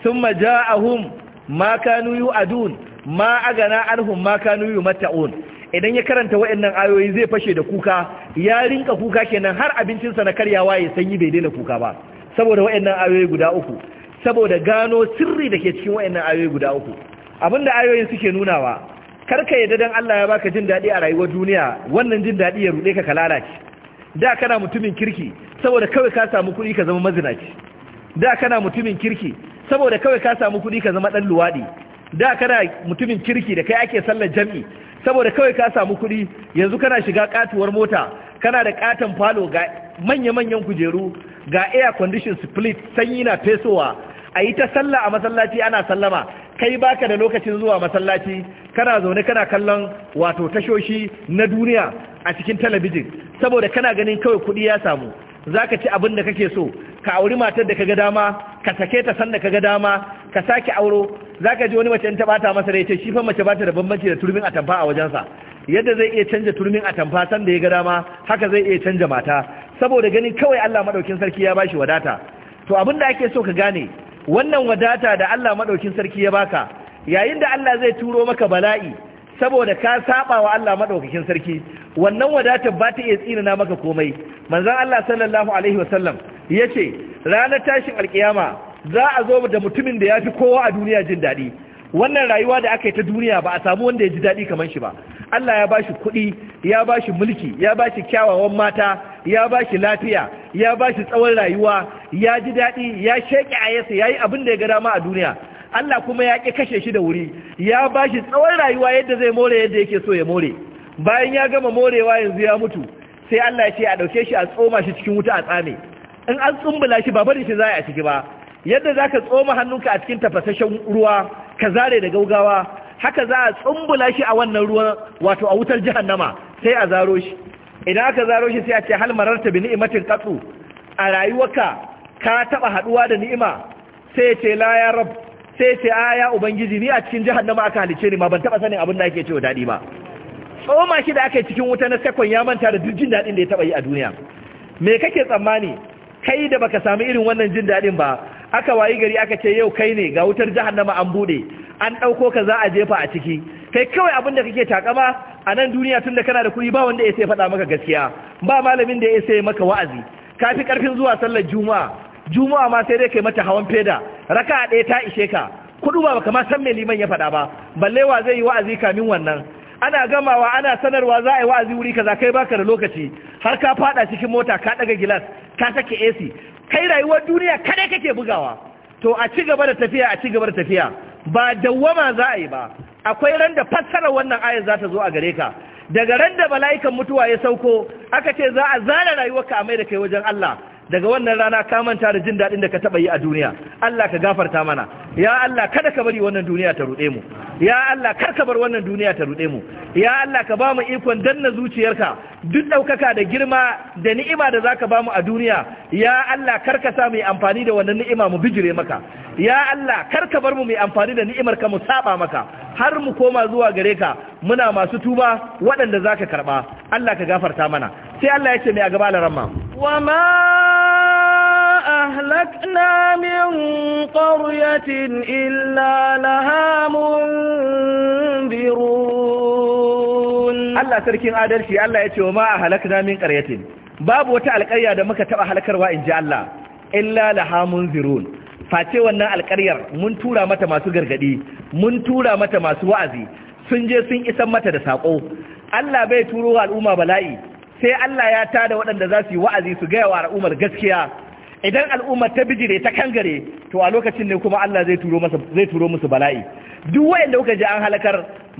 thumma ja'ahum ma kanu yu'adun ma agana anhum ma kanu un idan ya karanta wayannan ayoyi zai fashe da kuka ya rinka kuka kenan har abincinsa na karyawa ya sanyi bai daina kuka ba saboda wayannan ayoyi guda uku saboda gano sirri da ke cikin wayannan ayoyi guda uku abinda ayoyin suke nunawa karka yadda don Allah ya baka jin daɗi a rayuwar duniya wannan jin daɗi ya ruɗe ka ka lalace da kana mutumin kirki saboda kawai ka samu kuɗi ka zama mazinaci da kana mutumin kirki saboda kawai ka samu kuɗi ka zama ɗan luwaɗi da kana mutumin kirki da kai ake sallar jam'i saboda kawai ka samu kuɗi yanzu kana shiga katuwar mota kana da katon falo ga manya-manyan kujeru ga air condition split sanyi na fesowa a yi ta sallah a masallaci ana sallama kai baka da lokacin zuwa masallaci kana zaune kana kallon wato tashoshi na duniya a cikin talabijin saboda kana ganin kawai kuɗi ya samu zaka ci abin da kake so ka auri matar da ka ga dama ka sake ta san sanda ga dama ka sake auro zaka ji wani mace in ta bata masa ya ce shi fa mace bata da bambanci da turmin atamfa a wajensa yadda zai iya canja turmin atamfa san da ya ga dama haka zai iya canja mata saboda ganin kawai Allah maɗaukin sarki ya bashi wadata to abin da ake so ka gane wannan wadata da Allah madaukin sarki ya baka yayin da Allah zai turo maka bala'i saboda ka saba wa Allah madaukakin sarki wannan wadata ba ta iya na maka komai manzon Allah sallallahu alaihi wasallam ce ranar tashin alkiyama za a zo da mutumin da ya fi kowa a duniya jin daɗi. wannan rayuwa da aka yi ta duniya ba a samu wanda ya ji daɗi kamar shi ba Allah ya bashi kuɗi ya bashi mulki ya bashi kyawawan mata ya ba shi lafiya ya ba shi tsawon rayuwa ya ji daɗi ya sheƙi yasa ya yi abin da ya ga dama a duniya Allah kuma ya ƙi kashe shi da wuri ya ba shi tsawon rayuwa yadda zai more yadda yake so ya more bayan ya gama morewa yanzu ya mutu sai Allah ya ce a ɗauke shi a tsoma shi cikin wuta a tsame in an tsumbula shi ba barin shi za a ciki ba yadda za ka tsoma hannunka a cikin tafasashen ruwa ka zare da gaugawa haka za a tsumbula shi a wannan ruwan wato a wutar jahannama sai a zaro shi idan aka zaro shi sai a ce hal mararta bi ni'matin qatu a rayuwarka ka taba haduwa da ni'ima sai ce la ya rab sai ce aya ubangiji ni a cikin jahannama aka halice ni ma ban taba sanin abin da ake cewa dadi ba tsoma shi da aka yi cikin wuta na sakon ya manta da duk jin dadin da ya taba yi a duniya me kake tsammani kai da baka samu irin wannan jin dadin ba aka wayi gari aka ce yau kai ne ga wutar jahannama an bude an dauko ka za a jefa a ciki kai kawai abin da kake takama a nan duniya tun da kana da kuɗi ba wanda ya sai faɗa maka gaskiya ba malamin da ya sai maka wa'azi kafi fi ƙarfin zuwa sallar juma'a juma'a ma sai dai kai mata hawan feda raka ɗaya ta ishe ka kuɗu ba kama san me liman ya faɗa ba balle wa zai yi wa'azi kamin wannan ana gamawa ana sanarwa za a yi wa'azi wuri kaza kai baka da lokaci har ka faɗa cikin mota ka ɗaga gilas ka sake AC kai rayuwar duniya kada kake bugawa to a ci gaba da tafiya a ci gaba da tafiya ba dawwama za a yi ba akwai ran da fassara wannan ayar za ta zo a gare ka daga ran da mala'ikan mutuwa ya sauko aka ce za a zana rayuwarka a mai da kai wajen Allah daga wannan rana ka manta da jin daɗin da ka taɓa yi a duniya Allah ka gafarta mana ya Allah kada ka bari wannan duniya ta ruɗe mu ya Allah kar ka bar wannan duniya ta ruɗe mu ya Allah ka ba mu ikon danna zuciyarka duk ɗaukaka da girma da ni'ima da zaka ba mu a duniya ya Allah kar ka sa mu amfani da wannan ni'ima mu bijire maka ya Allah kar ka bar mu mu amfani da ni'imar ka mu saba maka har mu koma zuwa gare ka muna masu tuba waɗanda zaka karɓa Allah ka gafarta mana sai Allah ya ce mai a gaba larama wa ma ahlakna min qaryatin illa laha mundirun Allah sarkin adalci Allah ya ce wa ma ahlakna min qaryatin babu wata alƙarya da muka taba halkarwa inji Allah illa laha mundirun face wannan alƙaryar mun tura mata masu gargadi mun tura mata masu wa'azi sun je sun isan mata da saƙo Allah bai turo al'umma bala'i sai Allah ya tada waɗanda za su yi wa'azi su gaya wa al'ummar gaskiya idan al'ummar ta bijire ta kangare to a lokacin ne kuma Allah zai turo musu bala'i duk wayanda kuka ji an halakar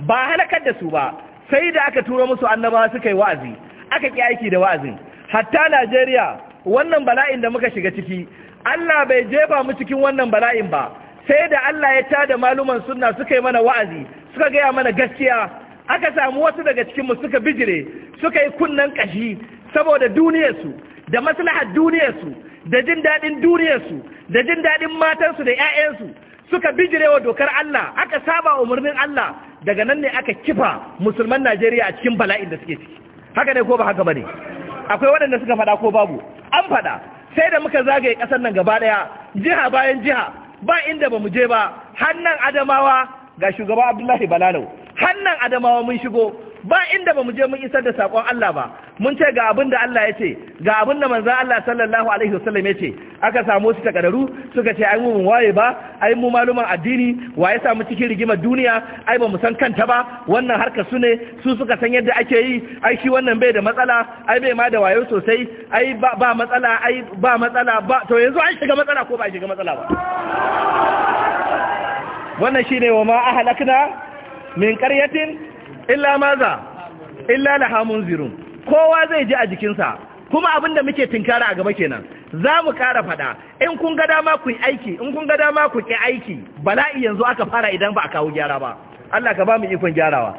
ba halakar da su ba sai da aka turo musu annaba suka yi wa'azi aka ƙi aiki da wa'azi. hatta Najeriya wannan bala'in da muka shiga ciki Allah bai jefa mu cikin wannan bala'in ba sai da Allah ya tada maluman sunna suka yi mana wa'azi suka gaya mana gaskiya aka samu wasu daga cikinmu suka bijire suka yi kunnen ƙashi saboda duniyarsu da maslahar duniyarsu da jin daɗin duniyarsu da jin daɗin matansu da 'ya'yansu suka bijire wa dokar Allah aka saba wa umarnin Allah daga nan ne aka kifa musulman Najeriya a cikin bala'in da suke ciki haka ne ko ba haka bane akwai waɗanda suka faɗa ko babu an faɗa sai da muka zagaye ƙasar nan gaba ɗaya jiha bayan jiha ba inda ba mu je ba hannan Adamawa ga shugaba Abdullahi Balalau hannan adamawa mun shigo ba inda ba mu je mun isar da sakon Allah ba mun ce ga abin da Allah ya ce ga abin da Allah sallallahu alaihi wasallam ya ce aka samu su takadaru suka ce ai mu mun waye ba ai mu maluman addini wa ya samu cikin rigimar duniya ai ba mu san kanta ba wannan harka su ne su suka san yadda ake yi ai shi wannan bai da matsala ai bai ma da wayo sosai ai ba ba matsala ai ba matsala ba to yanzu an shiga matsala ko ba shiga matsala ba wannan shine wa ma ahlakna min karyatin illa maza illa laha zirun kowa zai ji a jikinsa kuma abin da muke tinkara a gaba kenan za mu kara fada in kun ga dama ku aiki in kun ga dama ku ki aiki bala'i yanzu aka fara idan ba a kawo gyara ba Allah ka ba mu ikon gyarawa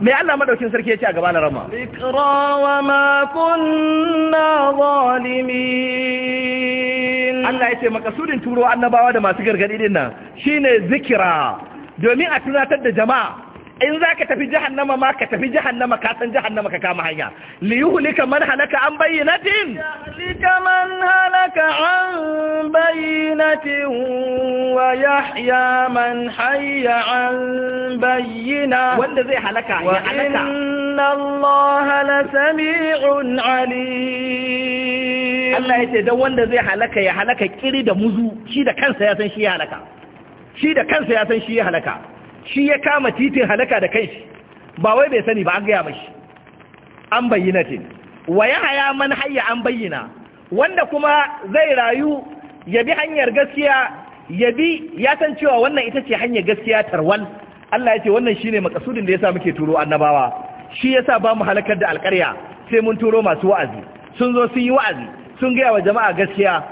mai Allah madaukin sarki ya ce a gaba na rama ikra wa ma kunna zalimin Allah ya ce makasudin turo annabawa da masu gargadi din nan shine zikira domin a tunatar da jama'a in za ka tafi jahannama ma ka tafi jahannama ka san jahannama ka kama hanya liyuhlika man halaka an bayyinatin lika man halaka an bayyinatin wa yahya man hayya an bayyina wanda zai halaka ya halaka inna allaha la sami'un alim Allah yace dan wanda zai halaka ya halaka kiri da muzu shi da kansa ya san shi ya halaka shi da kansa ya san shi ya halaka shi ya kama titin halaka da kai ba wai bai sani ba an gaya mashi an bayyana ce wa ya haya man hayya an bayyana wanda kuma zai rayu ya bi hanyar gaskiya ya bi ya san cewa wannan ita ce hanyar gaskiya tarwal Allah ya ce wannan shine makasudin da yasa muke turo annabawa shi yasa ba mu halakar da alƙarya sai mun turo masu wa'azi sun zo sun yi wa'azi sun gaya wa jama'a gaskiya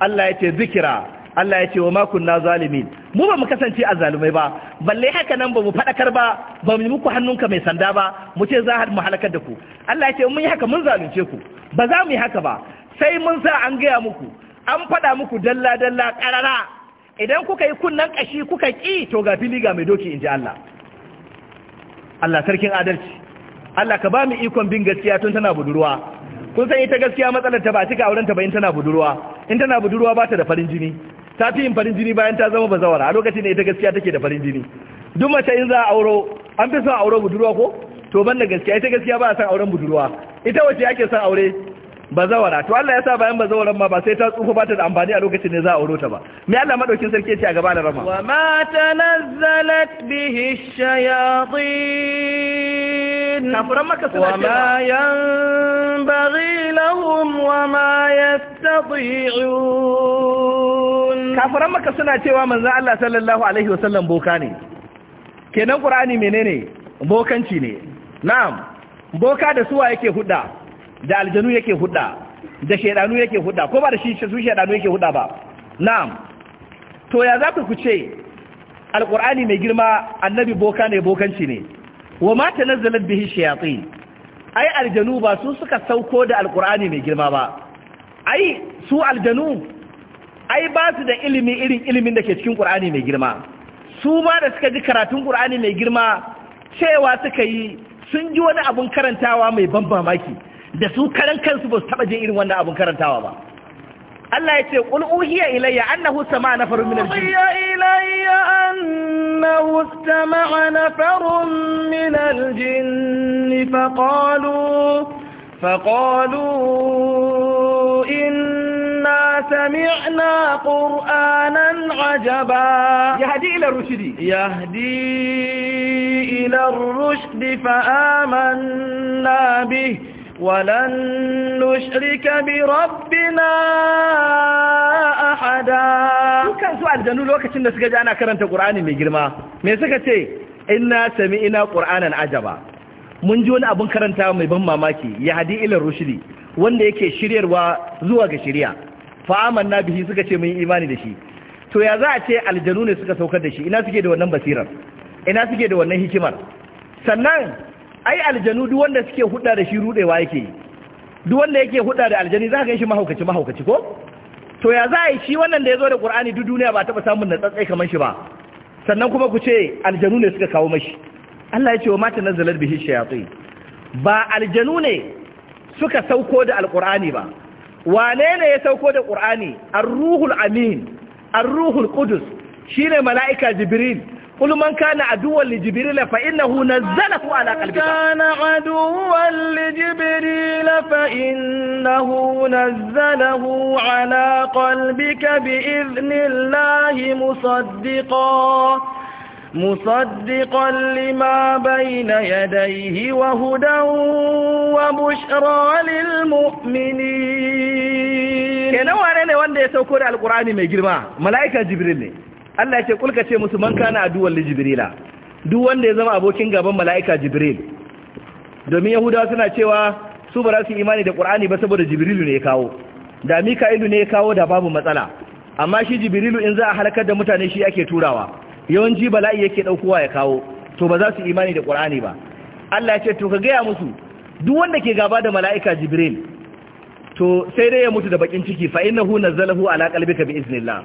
Allah ya ce zikira Allah ya ce wa makon na zalimi mu ba mu kasance a zalumai ba balle haka nan ba mu faɗakar ba ba mu muku hannunka mai sanda ba mu ce za mu halakar da ku Allah ya ce mun yi haka mun zalunce ku ba za mu yi haka ba sai mun sa an gaya muku an faɗa muku dalla dalla ƙarara idan kuka yi kunnan ƙashi kuka ƙi to ga fili ga mai doki in ji Allah Allah sarkin adalci Allah ka ba mu ikon bin gaskiya tun tana budurwa kun san ita gaskiya matsalar ta ba cika auren ta ba in tana budurwa in tana budurwa ba ta da farin jini ta fi yin farin jini bayan ta zama bazawara a lokacin da ita gaskiya take da farin jini duk mace in za a auro an fi son auro budurwa ko to ban da gaskiya ita gaskiya ba a san auren budurwa ita wace ake son aure bazawara to Allah ya sa bayan bazawaran ma ba sai ta tsufa ba ta da amfani a lokacin ne za a aure ta ba me Allah madaukin sarki ce a gaba da rama wa ma tanazzalat bihi shayatin Kafuran maka suna cewa wa ma yanbaghi lahum wa ma yastati'un Kafuran maka suna cewa manzo Allah sallallahu alaihi wasallam boka ne kenan qur'ani menene bokanci ne na'am boka da suwa yake huda da aljanu yake hudda da shaidanu yake hudda ko ba da shi su shaidanu yake hudda ba na'am to ya za ku ce alkur'ani mai girma annabi boka ne bokanci ne wa ma tanazzalat bihi shayatin ai aljanu ba su suka sauko da alkur'ani mai girma ba ai su aljanu ai ba su da ilimi irin ilimin da ke cikin qur'ani mai girma su ma da suka ji karatun qur'ani mai girma cewa suka yi sun ji wani abun karantawa mai ban mamaki da su karan kansu ba su taba jin irin wannan abun karantawa ba Allah ya ce qul uhiya ilayya annahu sama'a nafarun min al-jinn uhiya ilayya annahu sama'a nafarun min al-jinn sami'na qur'anan ajaba yahdi ila ar-rushd yahdi ila ar-rushd fa amanna bihi ولن نشرك بربنا أحدا كان سؤال جنو لوكacin da suka ji ana karanta Qur'ani mai girma me suka ce inna sami'na Qur'anan ajaba mun ji wani abun karanta mai ban mamaki ya hadi ila wanda yake shiryarwa zuwa ga shiriya fa'aman amanna bihi suka ce mun imani da shi to ya za a ce aljanu ne suka saukar da shi ina suke da wannan basirar ina suke da wannan hikimar sannan ai aljanu duk wanda suke huda da shi rudewa yake duk wanda yake huda da aljani za ka gan shi mahaukaci mahaukaci ko to ya za a yi shi wannan da ya zo da qur'ani duk duniya ba taɓa samun na tsatsai kamar shi ba sannan kuma ku ce aljanu ne suka kawo mashi Allah ya ce wa mata nazalar bihi shayatin ba aljanu ne suka sauko da alqur'ani ba wane ne ya sauko da qur'ani ar-ruhul amin ar-ruhul qudus shine mala'ika jibril قل من كان عدوا لجبريل فإنه نزله على قلبك كان عدوا لجبريل فإنه نزله على قلبك بإذن الله مصدقا مصدقا لما بين يديه وهدى وبشرى للمؤمنين kenan wane ne wanda ya sauko da alkurani mai girma mala'ika jibril ne Allah ya ce kulka ce musu man kana aduwar li jibrila duk wanda ya zama abokin gaban mala'ika jibril domin yahudawa suna cewa su ba za su imani da qur'ani ba saboda jibrilu ne ya kawo da mika'ilu ne ya kawo da babu matsala amma shi jibrilu in za a halakar da mutane shi ake turawa yawanci bala'i yake daukowa ya kawo to ba za su imani da qur'ani ba Allah ya ce to ka gaya musu duk wanda ke gaba da mala'ika jibril to sai dai ya mutu da bakin ciki fa innahu nazzalahu ala qalbika bi iznillah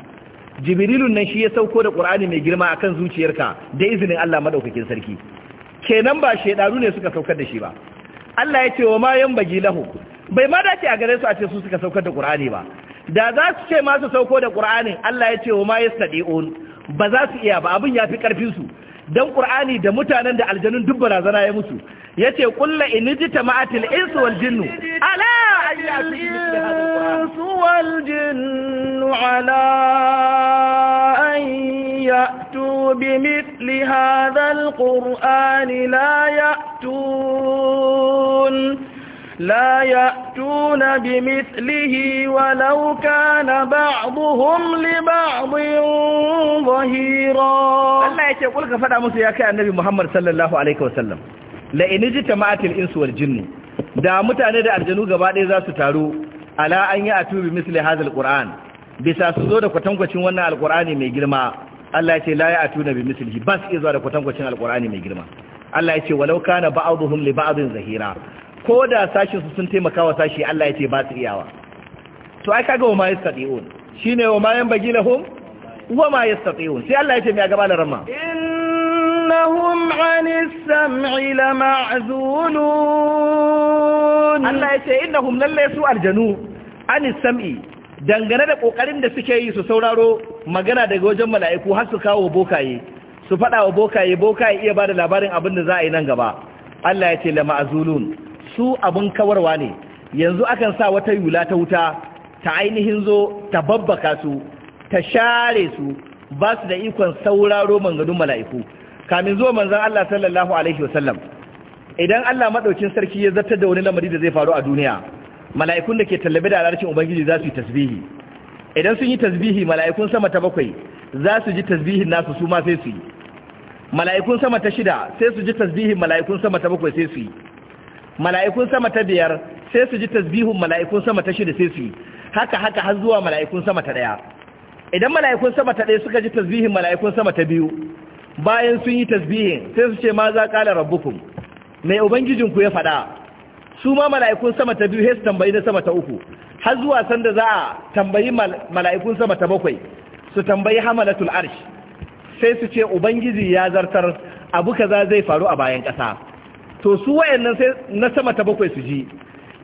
jibrilun nan shi ya sauko da qur'ani mai girma akan zuciyarka da izinin Allah madaukakin sarki kenan ba shedanu ne suka saukar da shi ba Allah ya ce wa ma bagi lahu bai ma dace a gare su a ce su suka saukar da qur'ani ba da za su ce ma su sauko da qur'anin Allah ya ce wa ma yastadi'un ba za su iya ba abin yafi karfin su dan qur'ani da mutanen da aljanun duk barazana ya musu ya ce kulla iniji ta ma'atil insu wal jinnu ala ayyatu wal jinnu ala an ya'tu bi mithli hadha al qur'ani la ya'tun la ya'tuna bi mithlihi wa law kana ba'dhum li ba'dhin dhahira Allah yake kulka fada musu ya kai annabi Muhammad sallallahu la inji jama'atul insu wal jinni da mutane da aljanu gaba ɗaya za su taru ala an yi atubi misli hazal qur'an bisa su zo da kwatankwacin wannan alqur'ani mai girma Allah ya ce la ya atuna bi mislihi bas iya zo da kwatankwacin alqur'ani mai girma Allah ya ce walau kana ba'dhum li ba'dhin zahira ko da sashin su sun taimaka wa sashi Allah ya ce ba su iyawa to ai kaga wa ma yastati'un shine wa ma yanbaghi lahum wa ma yastati'un sai Allah ya ce mai ya gaba da إنهم عن السمع لمعزولون الله يتي إنهم للي الجنو عن السمع dangane da kokarin da suke yi su sauraro magana daga wajen mala'iku har su kawo bokaye su faɗa wa bokaye bokaye iya bada labarin abin da za a yi nan gaba Allah ya ce la azulun su abin kawarwa ne yanzu akan sa wata yula ta wuta ta ainihin zo ta babbaka su ta share su ba su da ikon sauraro manganun mala'iku kamin zuwa manzan Allah sallallahu alaihi wasallam idan Allah maɗaukin sarki ya zartar da wani lamari da zai faru a duniya mala'ikun da ke tallabi da alarcin ubangiji za su yi tasbihi idan sun yi tasbihi mala'ikun sama ta bakwai za su ji tasbihin nasu su ma sai su yi mala'ikun sama ta shida sai su ji tasbihin mala'ikun sama ta bakwai sai su yi mala'ikun sama ta biyar sai su ji tasbihin mala'ikun sama ta shida sai su yi haka haka har zuwa mala'ikun sama ta ɗaya. idan mala'ikun sama ta ɗaya suka ji tasbihin mala'ikun sama ta biyu bayan sun yi tasbihin sai su ce ma za kala rabbukum mai ku ya faɗa su ma mala'ikun sama ta biyu su tambayi na sama ta uku har zuwa sanda za a tambayi mala'ikun sama ta bakwai su tambayi hamalatul arsh sai su ce ubangiji ya zartar abu kaza zai faru a bayan ƙasa to su wayannan sai na sama ta bakwai su ji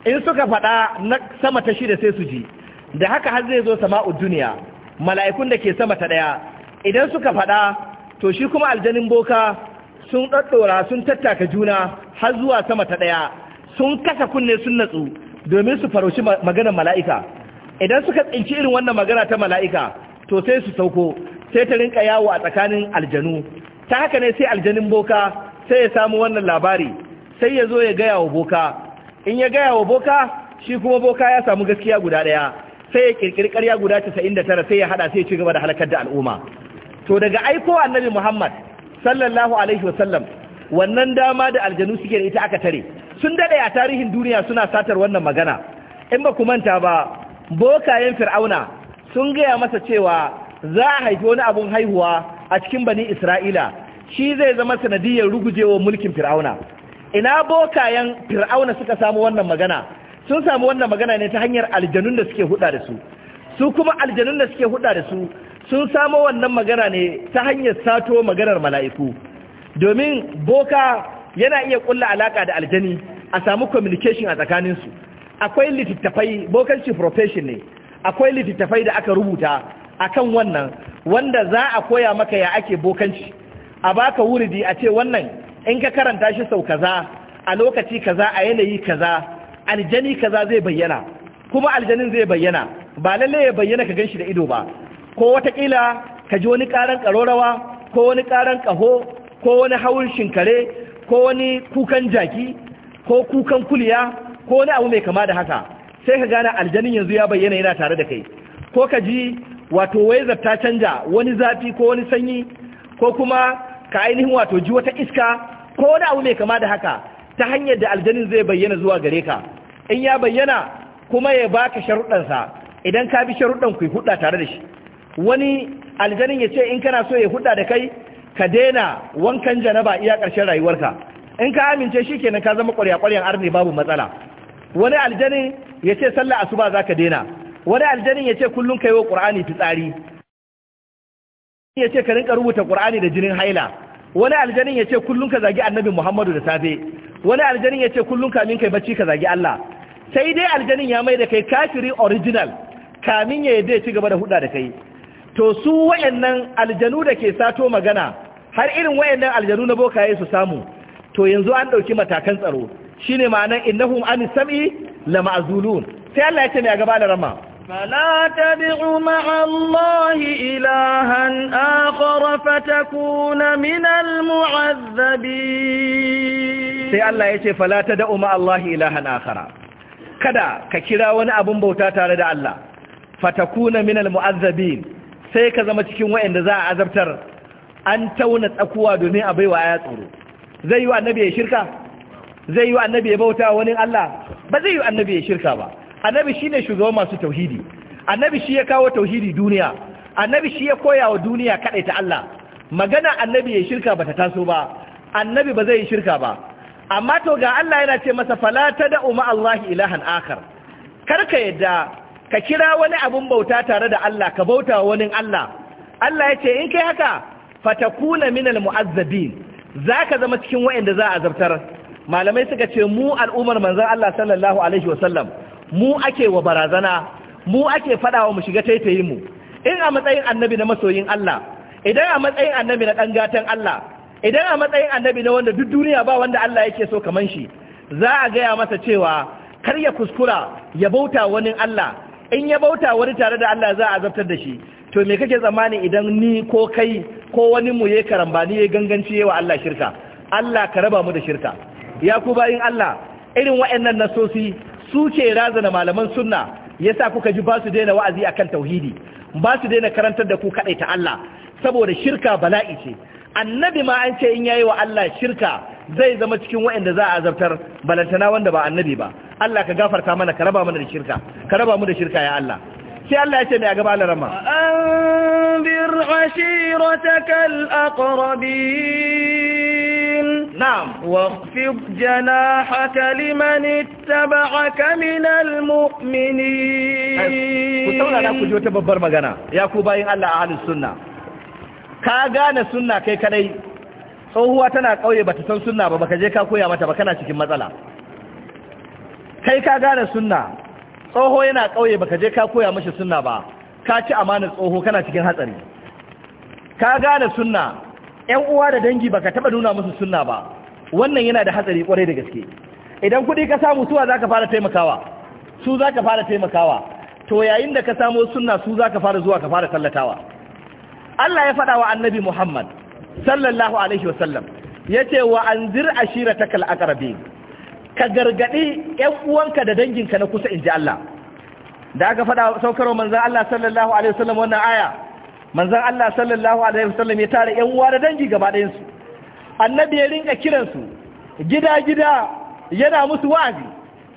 in suka faɗa na sama ta shida sai su ji da haka har zai zo sama'ud duniya mala'ikun da ke sama ta ɗaya idan suka faɗa to shi kuma aljanin boka sun ɗaɗɗora sun tattaka juna har zuwa sama ta ɗaya sun kasa kunne sun natsu domin su faroshi maganar mala'ika idan suka tsinci irin wannan magana ta mala'ika to sai su sauko sai ta rinka yawo a tsakanin aljanu ta haka ne sai aljanin boka sai ya samu wannan labari sai ya zo ya gaya wa boka in ya gaya wa boka shi kuma boka ya samu gaskiya guda ɗaya sai ya ƙirƙiri ƙarya guda 99 sai ya haɗa sai ya ci gaba da halakar da al'umma to daga aiko annabi Muhammad sallallahu alaihi wasallam wannan dama da aljanu suke da ita aka tare sun dade a tarihin duniya suna satar wannan magana in ba ku manta ba bokayen fir'auna sun gaya masa cewa za a haifi wani abun haihuwa a cikin bani isra'ila shi zai zama sanadiyar rugujewa mulkin fir'auna ina bokayen fir'auna suka samu wannan magana sun samu wannan magana ne ta hanyar aljanun da suke huda da su su kuma aljanun da suke huda da su sun samo wannan magana ne ta hanyar sato maganar mala'iku domin boka yana iya kulla alaka da aljani a samu communication a tsakaninsu akwai littattafai bokanci profession ne akwai littattafai da aka rubuta a kan wannan wanda za a koya maka ya ake bokanci a baka wuridi a ce wannan in ka karanta shi sau kaza a lokaci kaza a yanayi kaza aljani kaza zai bayyana kuma aljanin zai bayyana ba lalle ya bayyana ka shi da ido ba ko watakila ka ji wani karan ƙarorawa ko wani karan kaho ko wani hawan shinkare ko wani kukan jaki ko kukan kuliya ko wani abu mai kama da haka sai ka gane aljanin yanzu ya bayyana yana tare da kai ko ka ji wato waizar ta canja wani zafi ko wani sanyi ko kuma ka ainihin wato ji wata iska ko wani abu mai kama da haka ta hanyar da aljanin zai bayyana zuwa gare ka in ya bayyana kuma ya baka sharuɗansa idan ka bi sharuɗan ku huɗa tare da shi wani aljanin ya ce in kana so ya hudda da kai ka daina wankan janaba iya ƙarshen rayuwarka in ka amince shi kenan ka zama ƙwarya-ƙwaryan arni babu matsala wani aljanin ya ce sallah asuba za ka daina wani aljanin ya ce kullum ka yi wa ƙur'ani fitsari ya ce ka rinka rubuta ƙur'ani da jinin haila wani aljanin ya ce kullum ka zagi annabi muhammadu da safe wani aljanin ya ce kullum kamin kai bacci ka zagi allah sai dai aljanin ya mai da kai kafiri original kamin ya yadda ya ci gaba da huda da kai to su wayannan aljanu da ke sato magana har irin wayannan aljanu na bokaye su samu to yanzu an dauki matakan tsaro shine ma'anan innahum an sam'i la sai Allah ya ce ne a gaba da rama فلا تدع مع الله إلها آخر فتكون من المعذبين سي الله يتي فلا تدع مع الله إلها آخر kada ka kira wani abun bauta tare da Allah fatakuna minal mu'azzabin sai ka zama cikin wayanda za a azabtar an tauna tsakuwa domin a baiwa ya tsoro zai yi annabi ya shirka zai yi annabi ya bauta wani Allah ba zai yi wa annabi ya shirka ba annabi shine shugaban masu tauhidi annabi shi ya kawo tauhidi duniya annabi shi ya koya wa duniya ta Allah magana annabi ya shirka bata taso ba annabi ba zai yi shirka ba amma to ga Allah yana ce masa fala tad'u da'u ma'allahi ilahan akhar ka yadda ka kira wani abin bauta tare da Allah ka bauta wani Allah Allah ya ce in kai haka fatakuna minal mu'azzabin zaka zama cikin waɗanda za a azabtar malamai suka ce mu al'ummar manzon Allah sallallahu alaihi wasallam mu ake wa barazana mu ake fadawa mu shiga taitayin mu in a matsayin annabi na masoyin Allah idan a matsayin annabi na dangatan Allah idan a matsayin annabi na wanda duk duniya ba wanda Allah yake so kaman shi za a gaya masa cewa kar ya kuskura ya bauta wani Allah in ya bauta wani tare da Allah za a azabtar da shi to me kake tsammani idan ni ko kai ko wani mu yayi karambani yayi ganganci yayi wa Allah shirka Allah ka raba mu da shirka ya ku bayin Allah irin waɗannan nasosi su ce razana malaman sunna yasa kuka ji ba su daina wa'azi akan tauhidi ba su daina karantar da ku kadai ta Allah saboda shirka bala'i ce annabi ma an ce in yayi wa Allah shirka zai zama cikin wayanda za a azabtar balantana wanda ba annabi ba Allah ka gafarta mana ka raba mana da shirka ka raba mu da shirka ya Allah sai Allah ya ce mai gaba Allah rama anzir ashiratakal aqrabin na'am wakhfid janahaka liman ittaba'aka minal mu'minin ku saurara ku ji wata babbar magana ya ku bayin Allah a halin sunna ka gane sunna kai kadai tsohuwa tana kauye bata san sunna ba baka je ka koya mata ba kana cikin matsala kai ka gane sunna tsoho yana kauye baka je ka koya mashi suna ba ka ci amanar tsoho kana cikin hatsari ka gane sunna 'yan uwa da dangi baka taba nuna musu sunna ba wannan yana da hatsari kwarai da gaske idan kuɗi ka samu suwa zaka fara taimakawa su zaka fara taimakawa to yayin da ka samo sunna su zaka fara zuwa ka fara tallatawa Allah ya faɗa wa Annabi Muhammad sallallahu alaihi wasallam yace wa anzir takal a aqrabin ka gargaɗi ‘yan uwanka da danginka na kusa in ji Allah da aka faɗa saukar wa manzan Allah sallallahu alaihi wasallam wannan aya manzan Allah sallallahu alaihi wasallam ya tara ‘yan uwa da dangi gaba ɗayansu annabi ya rinka kiransu gida-gida yana musu wa'azi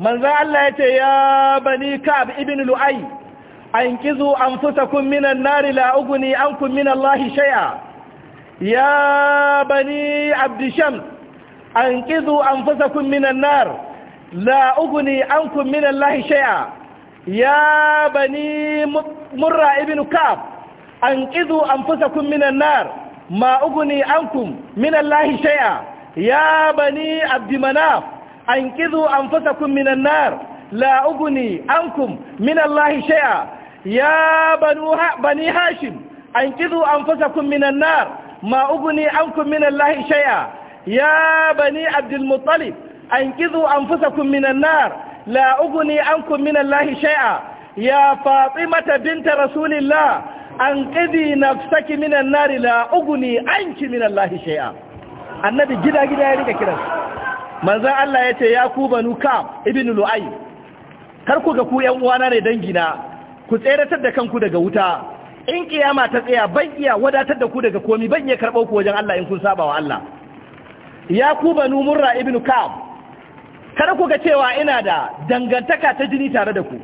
manzan Allah ya ce ya bani ka'ab ibn lu'ai an kizu an fusa kun minan nari la'uguni an kun minan lahi shai'a ya bani abdishams anqidhu anfusakum minan nar la ughni ankum min Allah shay'a ya bani murra ibn kab anqidhu anfusakum minan nar ma ughni ankum min Allah shay'a ya bani abd manaf anqidhu anfusakum minan nar la ughni ankum min Allah shay'a ya bani hashim anqidhu anfusakum minan nar ma ughni ankum min Allah shay'a يا بني An المطلب أنقذوا أنفسكم من النار لا أغني عنكم من الله شيئا يا فاطمة بنت رسول الله أنقذي نفسك من النار لا أغني عنك من الله شيئا annabi gida gida ya rika kiran manzon Allah ya ce ya ku banu kab ibn kar ku ga ku yan uwana ne dangina ku tseratar da kanku daga wuta in ƙiyama ta tsaya ban iya wadatar daku ku daga komi ban iya karɓo ku wajen Allah in kun saba wa Allah ya ku banu murra ibn kam kada ku ga cewa ina da dangantaka ta jini tare da ku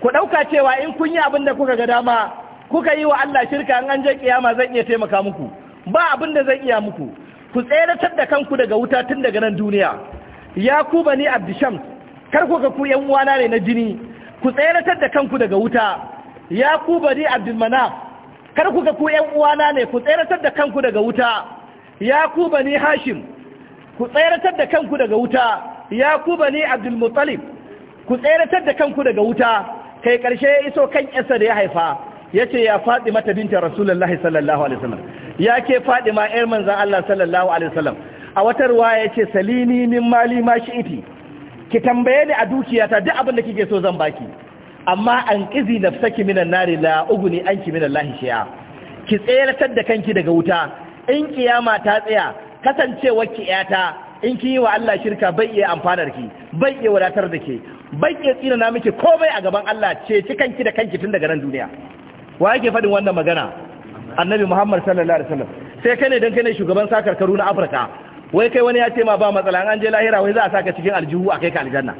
ku ɗauka cewa in kun yi abin da kuka ga dama kuka yi wa Allah shirka in an je kiyama zan iya taimaka muku ba abin da zan iya muku ku tseratar da kanku daga wuta tun daga nan duniya ya ku bani abdisham kar ku ga ku yan uwana ne na jini ku tseratar da kanku daga wuta ya ku bani abdulmanaf kar ku ga ku yan uwana ne ku tseratar da kanku daga wuta ya ku bani hashim ku tseratar da kanku daga wuta ya ku bani abdulmuttalib ku tseratar da kanku daga wuta kai karshe ya iso kan yasa da ya haifa Ya ce ya faɗi mata binta Rasulullahi sallallahu alaihi wasallam ya ke ma ƴar manzan Allah sallallahu alaihi wasallam a wata ya ce salini min mali ma iti. ki tambaye ni a dukiyata duk abin da kike so zan baki amma an qizi nafsaki minan nari la uguni anki minallahi shi'a ki tseratar da kanki daga wuta in kiyama ta tsaya kasancewa ki yata in ki yi wa Allah shirka bai iya amfanar ki bai iya wadatar da ke bai iya tsina na miki komai a gaban Allah ce ci kanki da kanki tun daga nan duniya wa yake faɗin wannan magana annabi muhammad sallallahu alaihi wasallam sai kai ne dan kai ne shugaban sakar karu na afirka wai kai wani ya ce ma ba matsala an je lahira wai za a saka cikin aljihu a kai ka aljanna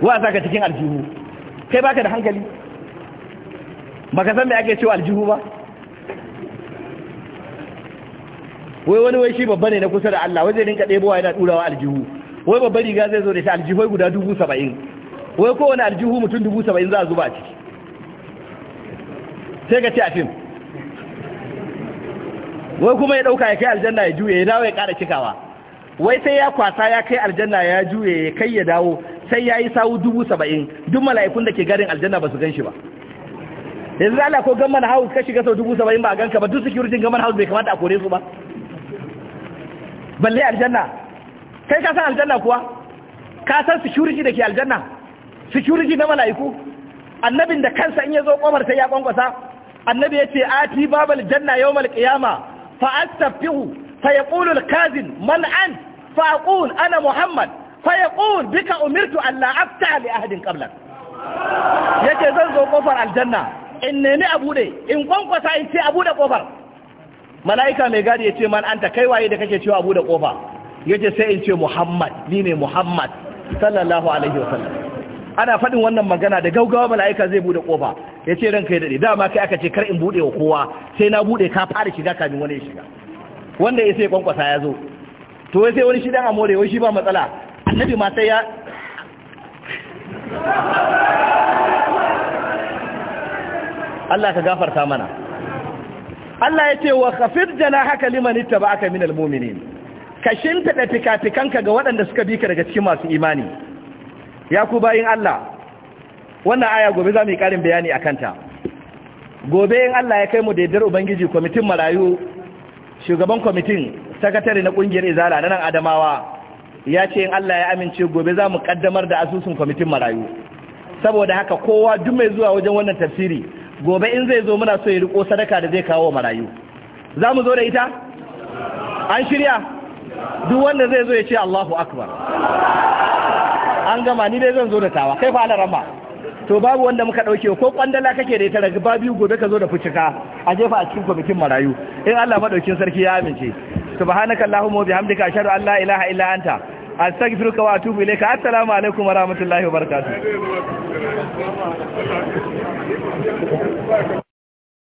wa a saka cikin aljihu kai baka da hankali baka san me ake cewa aljihu ba wai wani wai shi babba ne na kusa da Allah wai zai rinka ɗebowa yana ɗurawa aljihu wai babba riga zai zo da shi aljihai guda dubu saba'in wai kowane aljihu mutum dubu saba'in za a zuba a ciki sai ka ce a fim wai kuma ya ɗauka ya kai aljanna ya juye ya dawo ya ƙara cikawa wai sai ya kwasa ya kai aljanna ya juye ya kai ya dawo sai ya yi sawu dubu saba'in duk mala'ikun da ke garin aljanna ba su gan shi ba yanzu Allah ko gamman house ka shiga sau dubu saba'in ba a ganka ba duk security gamman house bai kamata a kore su ba balle aljanna kai ka san aljanna kuwa ka san security da ke aljanna security na mala'iku annabin da kansa in ya zo kwamar sai ya kwankwasa annabi ya ce ati babal janna yawmal qiyama fa astafihu fa yaqulu al-kazin man an fa aqul ana muhammad fa yaqul bika umirtu allah afta aftaha li ahadin qablak yace zan zo kofar aljanna in nemi a bude in kwankwasa in ce a bude kofar mala'ika mai gadi ya ce man kai waye da kake cewa abu da kofa ce sai in ce muhammad ni ne muhammad sallallahu alaihi wasallam ana faɗin wannan magana da gaugawa mala'ika zai bude kofa yace ranka ya dade dama kai aka ce kar in bude wa kowa sai na bude ka fara shiga kafin wani ya shiga wanda ya sai kwankwasa ya zo to sai wani shi dan amore wai shi ba matsala annabi ma sai ya Allah ka gafarta mana Allah ya ce wa khafid haka liman aka minal mu'minin ka shimfida fika-fikanka ga waɗanda suka bi ka daga cikin masu imani ya ku bayin Allah wannan aya gobe za mu yi ƙarin bayani a kanta gobe in Allah ya kai mu daidar ubangiji kwamitin marayu shugaban kwamitin sakatare na ƙungiyar izala na nan adamawa ya ce in Allah ya amince gobe za mu ƙaddamar da asusun kwamitin marayu saboda haka kowa duk mai zuwa wajen wannan tafsiri gobe in zai zo muna so ya riko sadaka da zai kawo marayu za mu zo da ita an shirya duk wanda zai zo ya ce Allahu akbar an gama ni dai zan zo da tawa kai fa alarama to babu wanda muka dauke ko kwandala kake da ita daga babu gobe ka zo da fucika a jefa a cikin kwamitin marayu in Allah madaukin sarki ya amince subhanakallahumma wa bihamdika ashhadu an la ilaha illa anta astaghfiruka wa atubu ilayka assalamu alaikum wa rahmatullahi wa barakatuh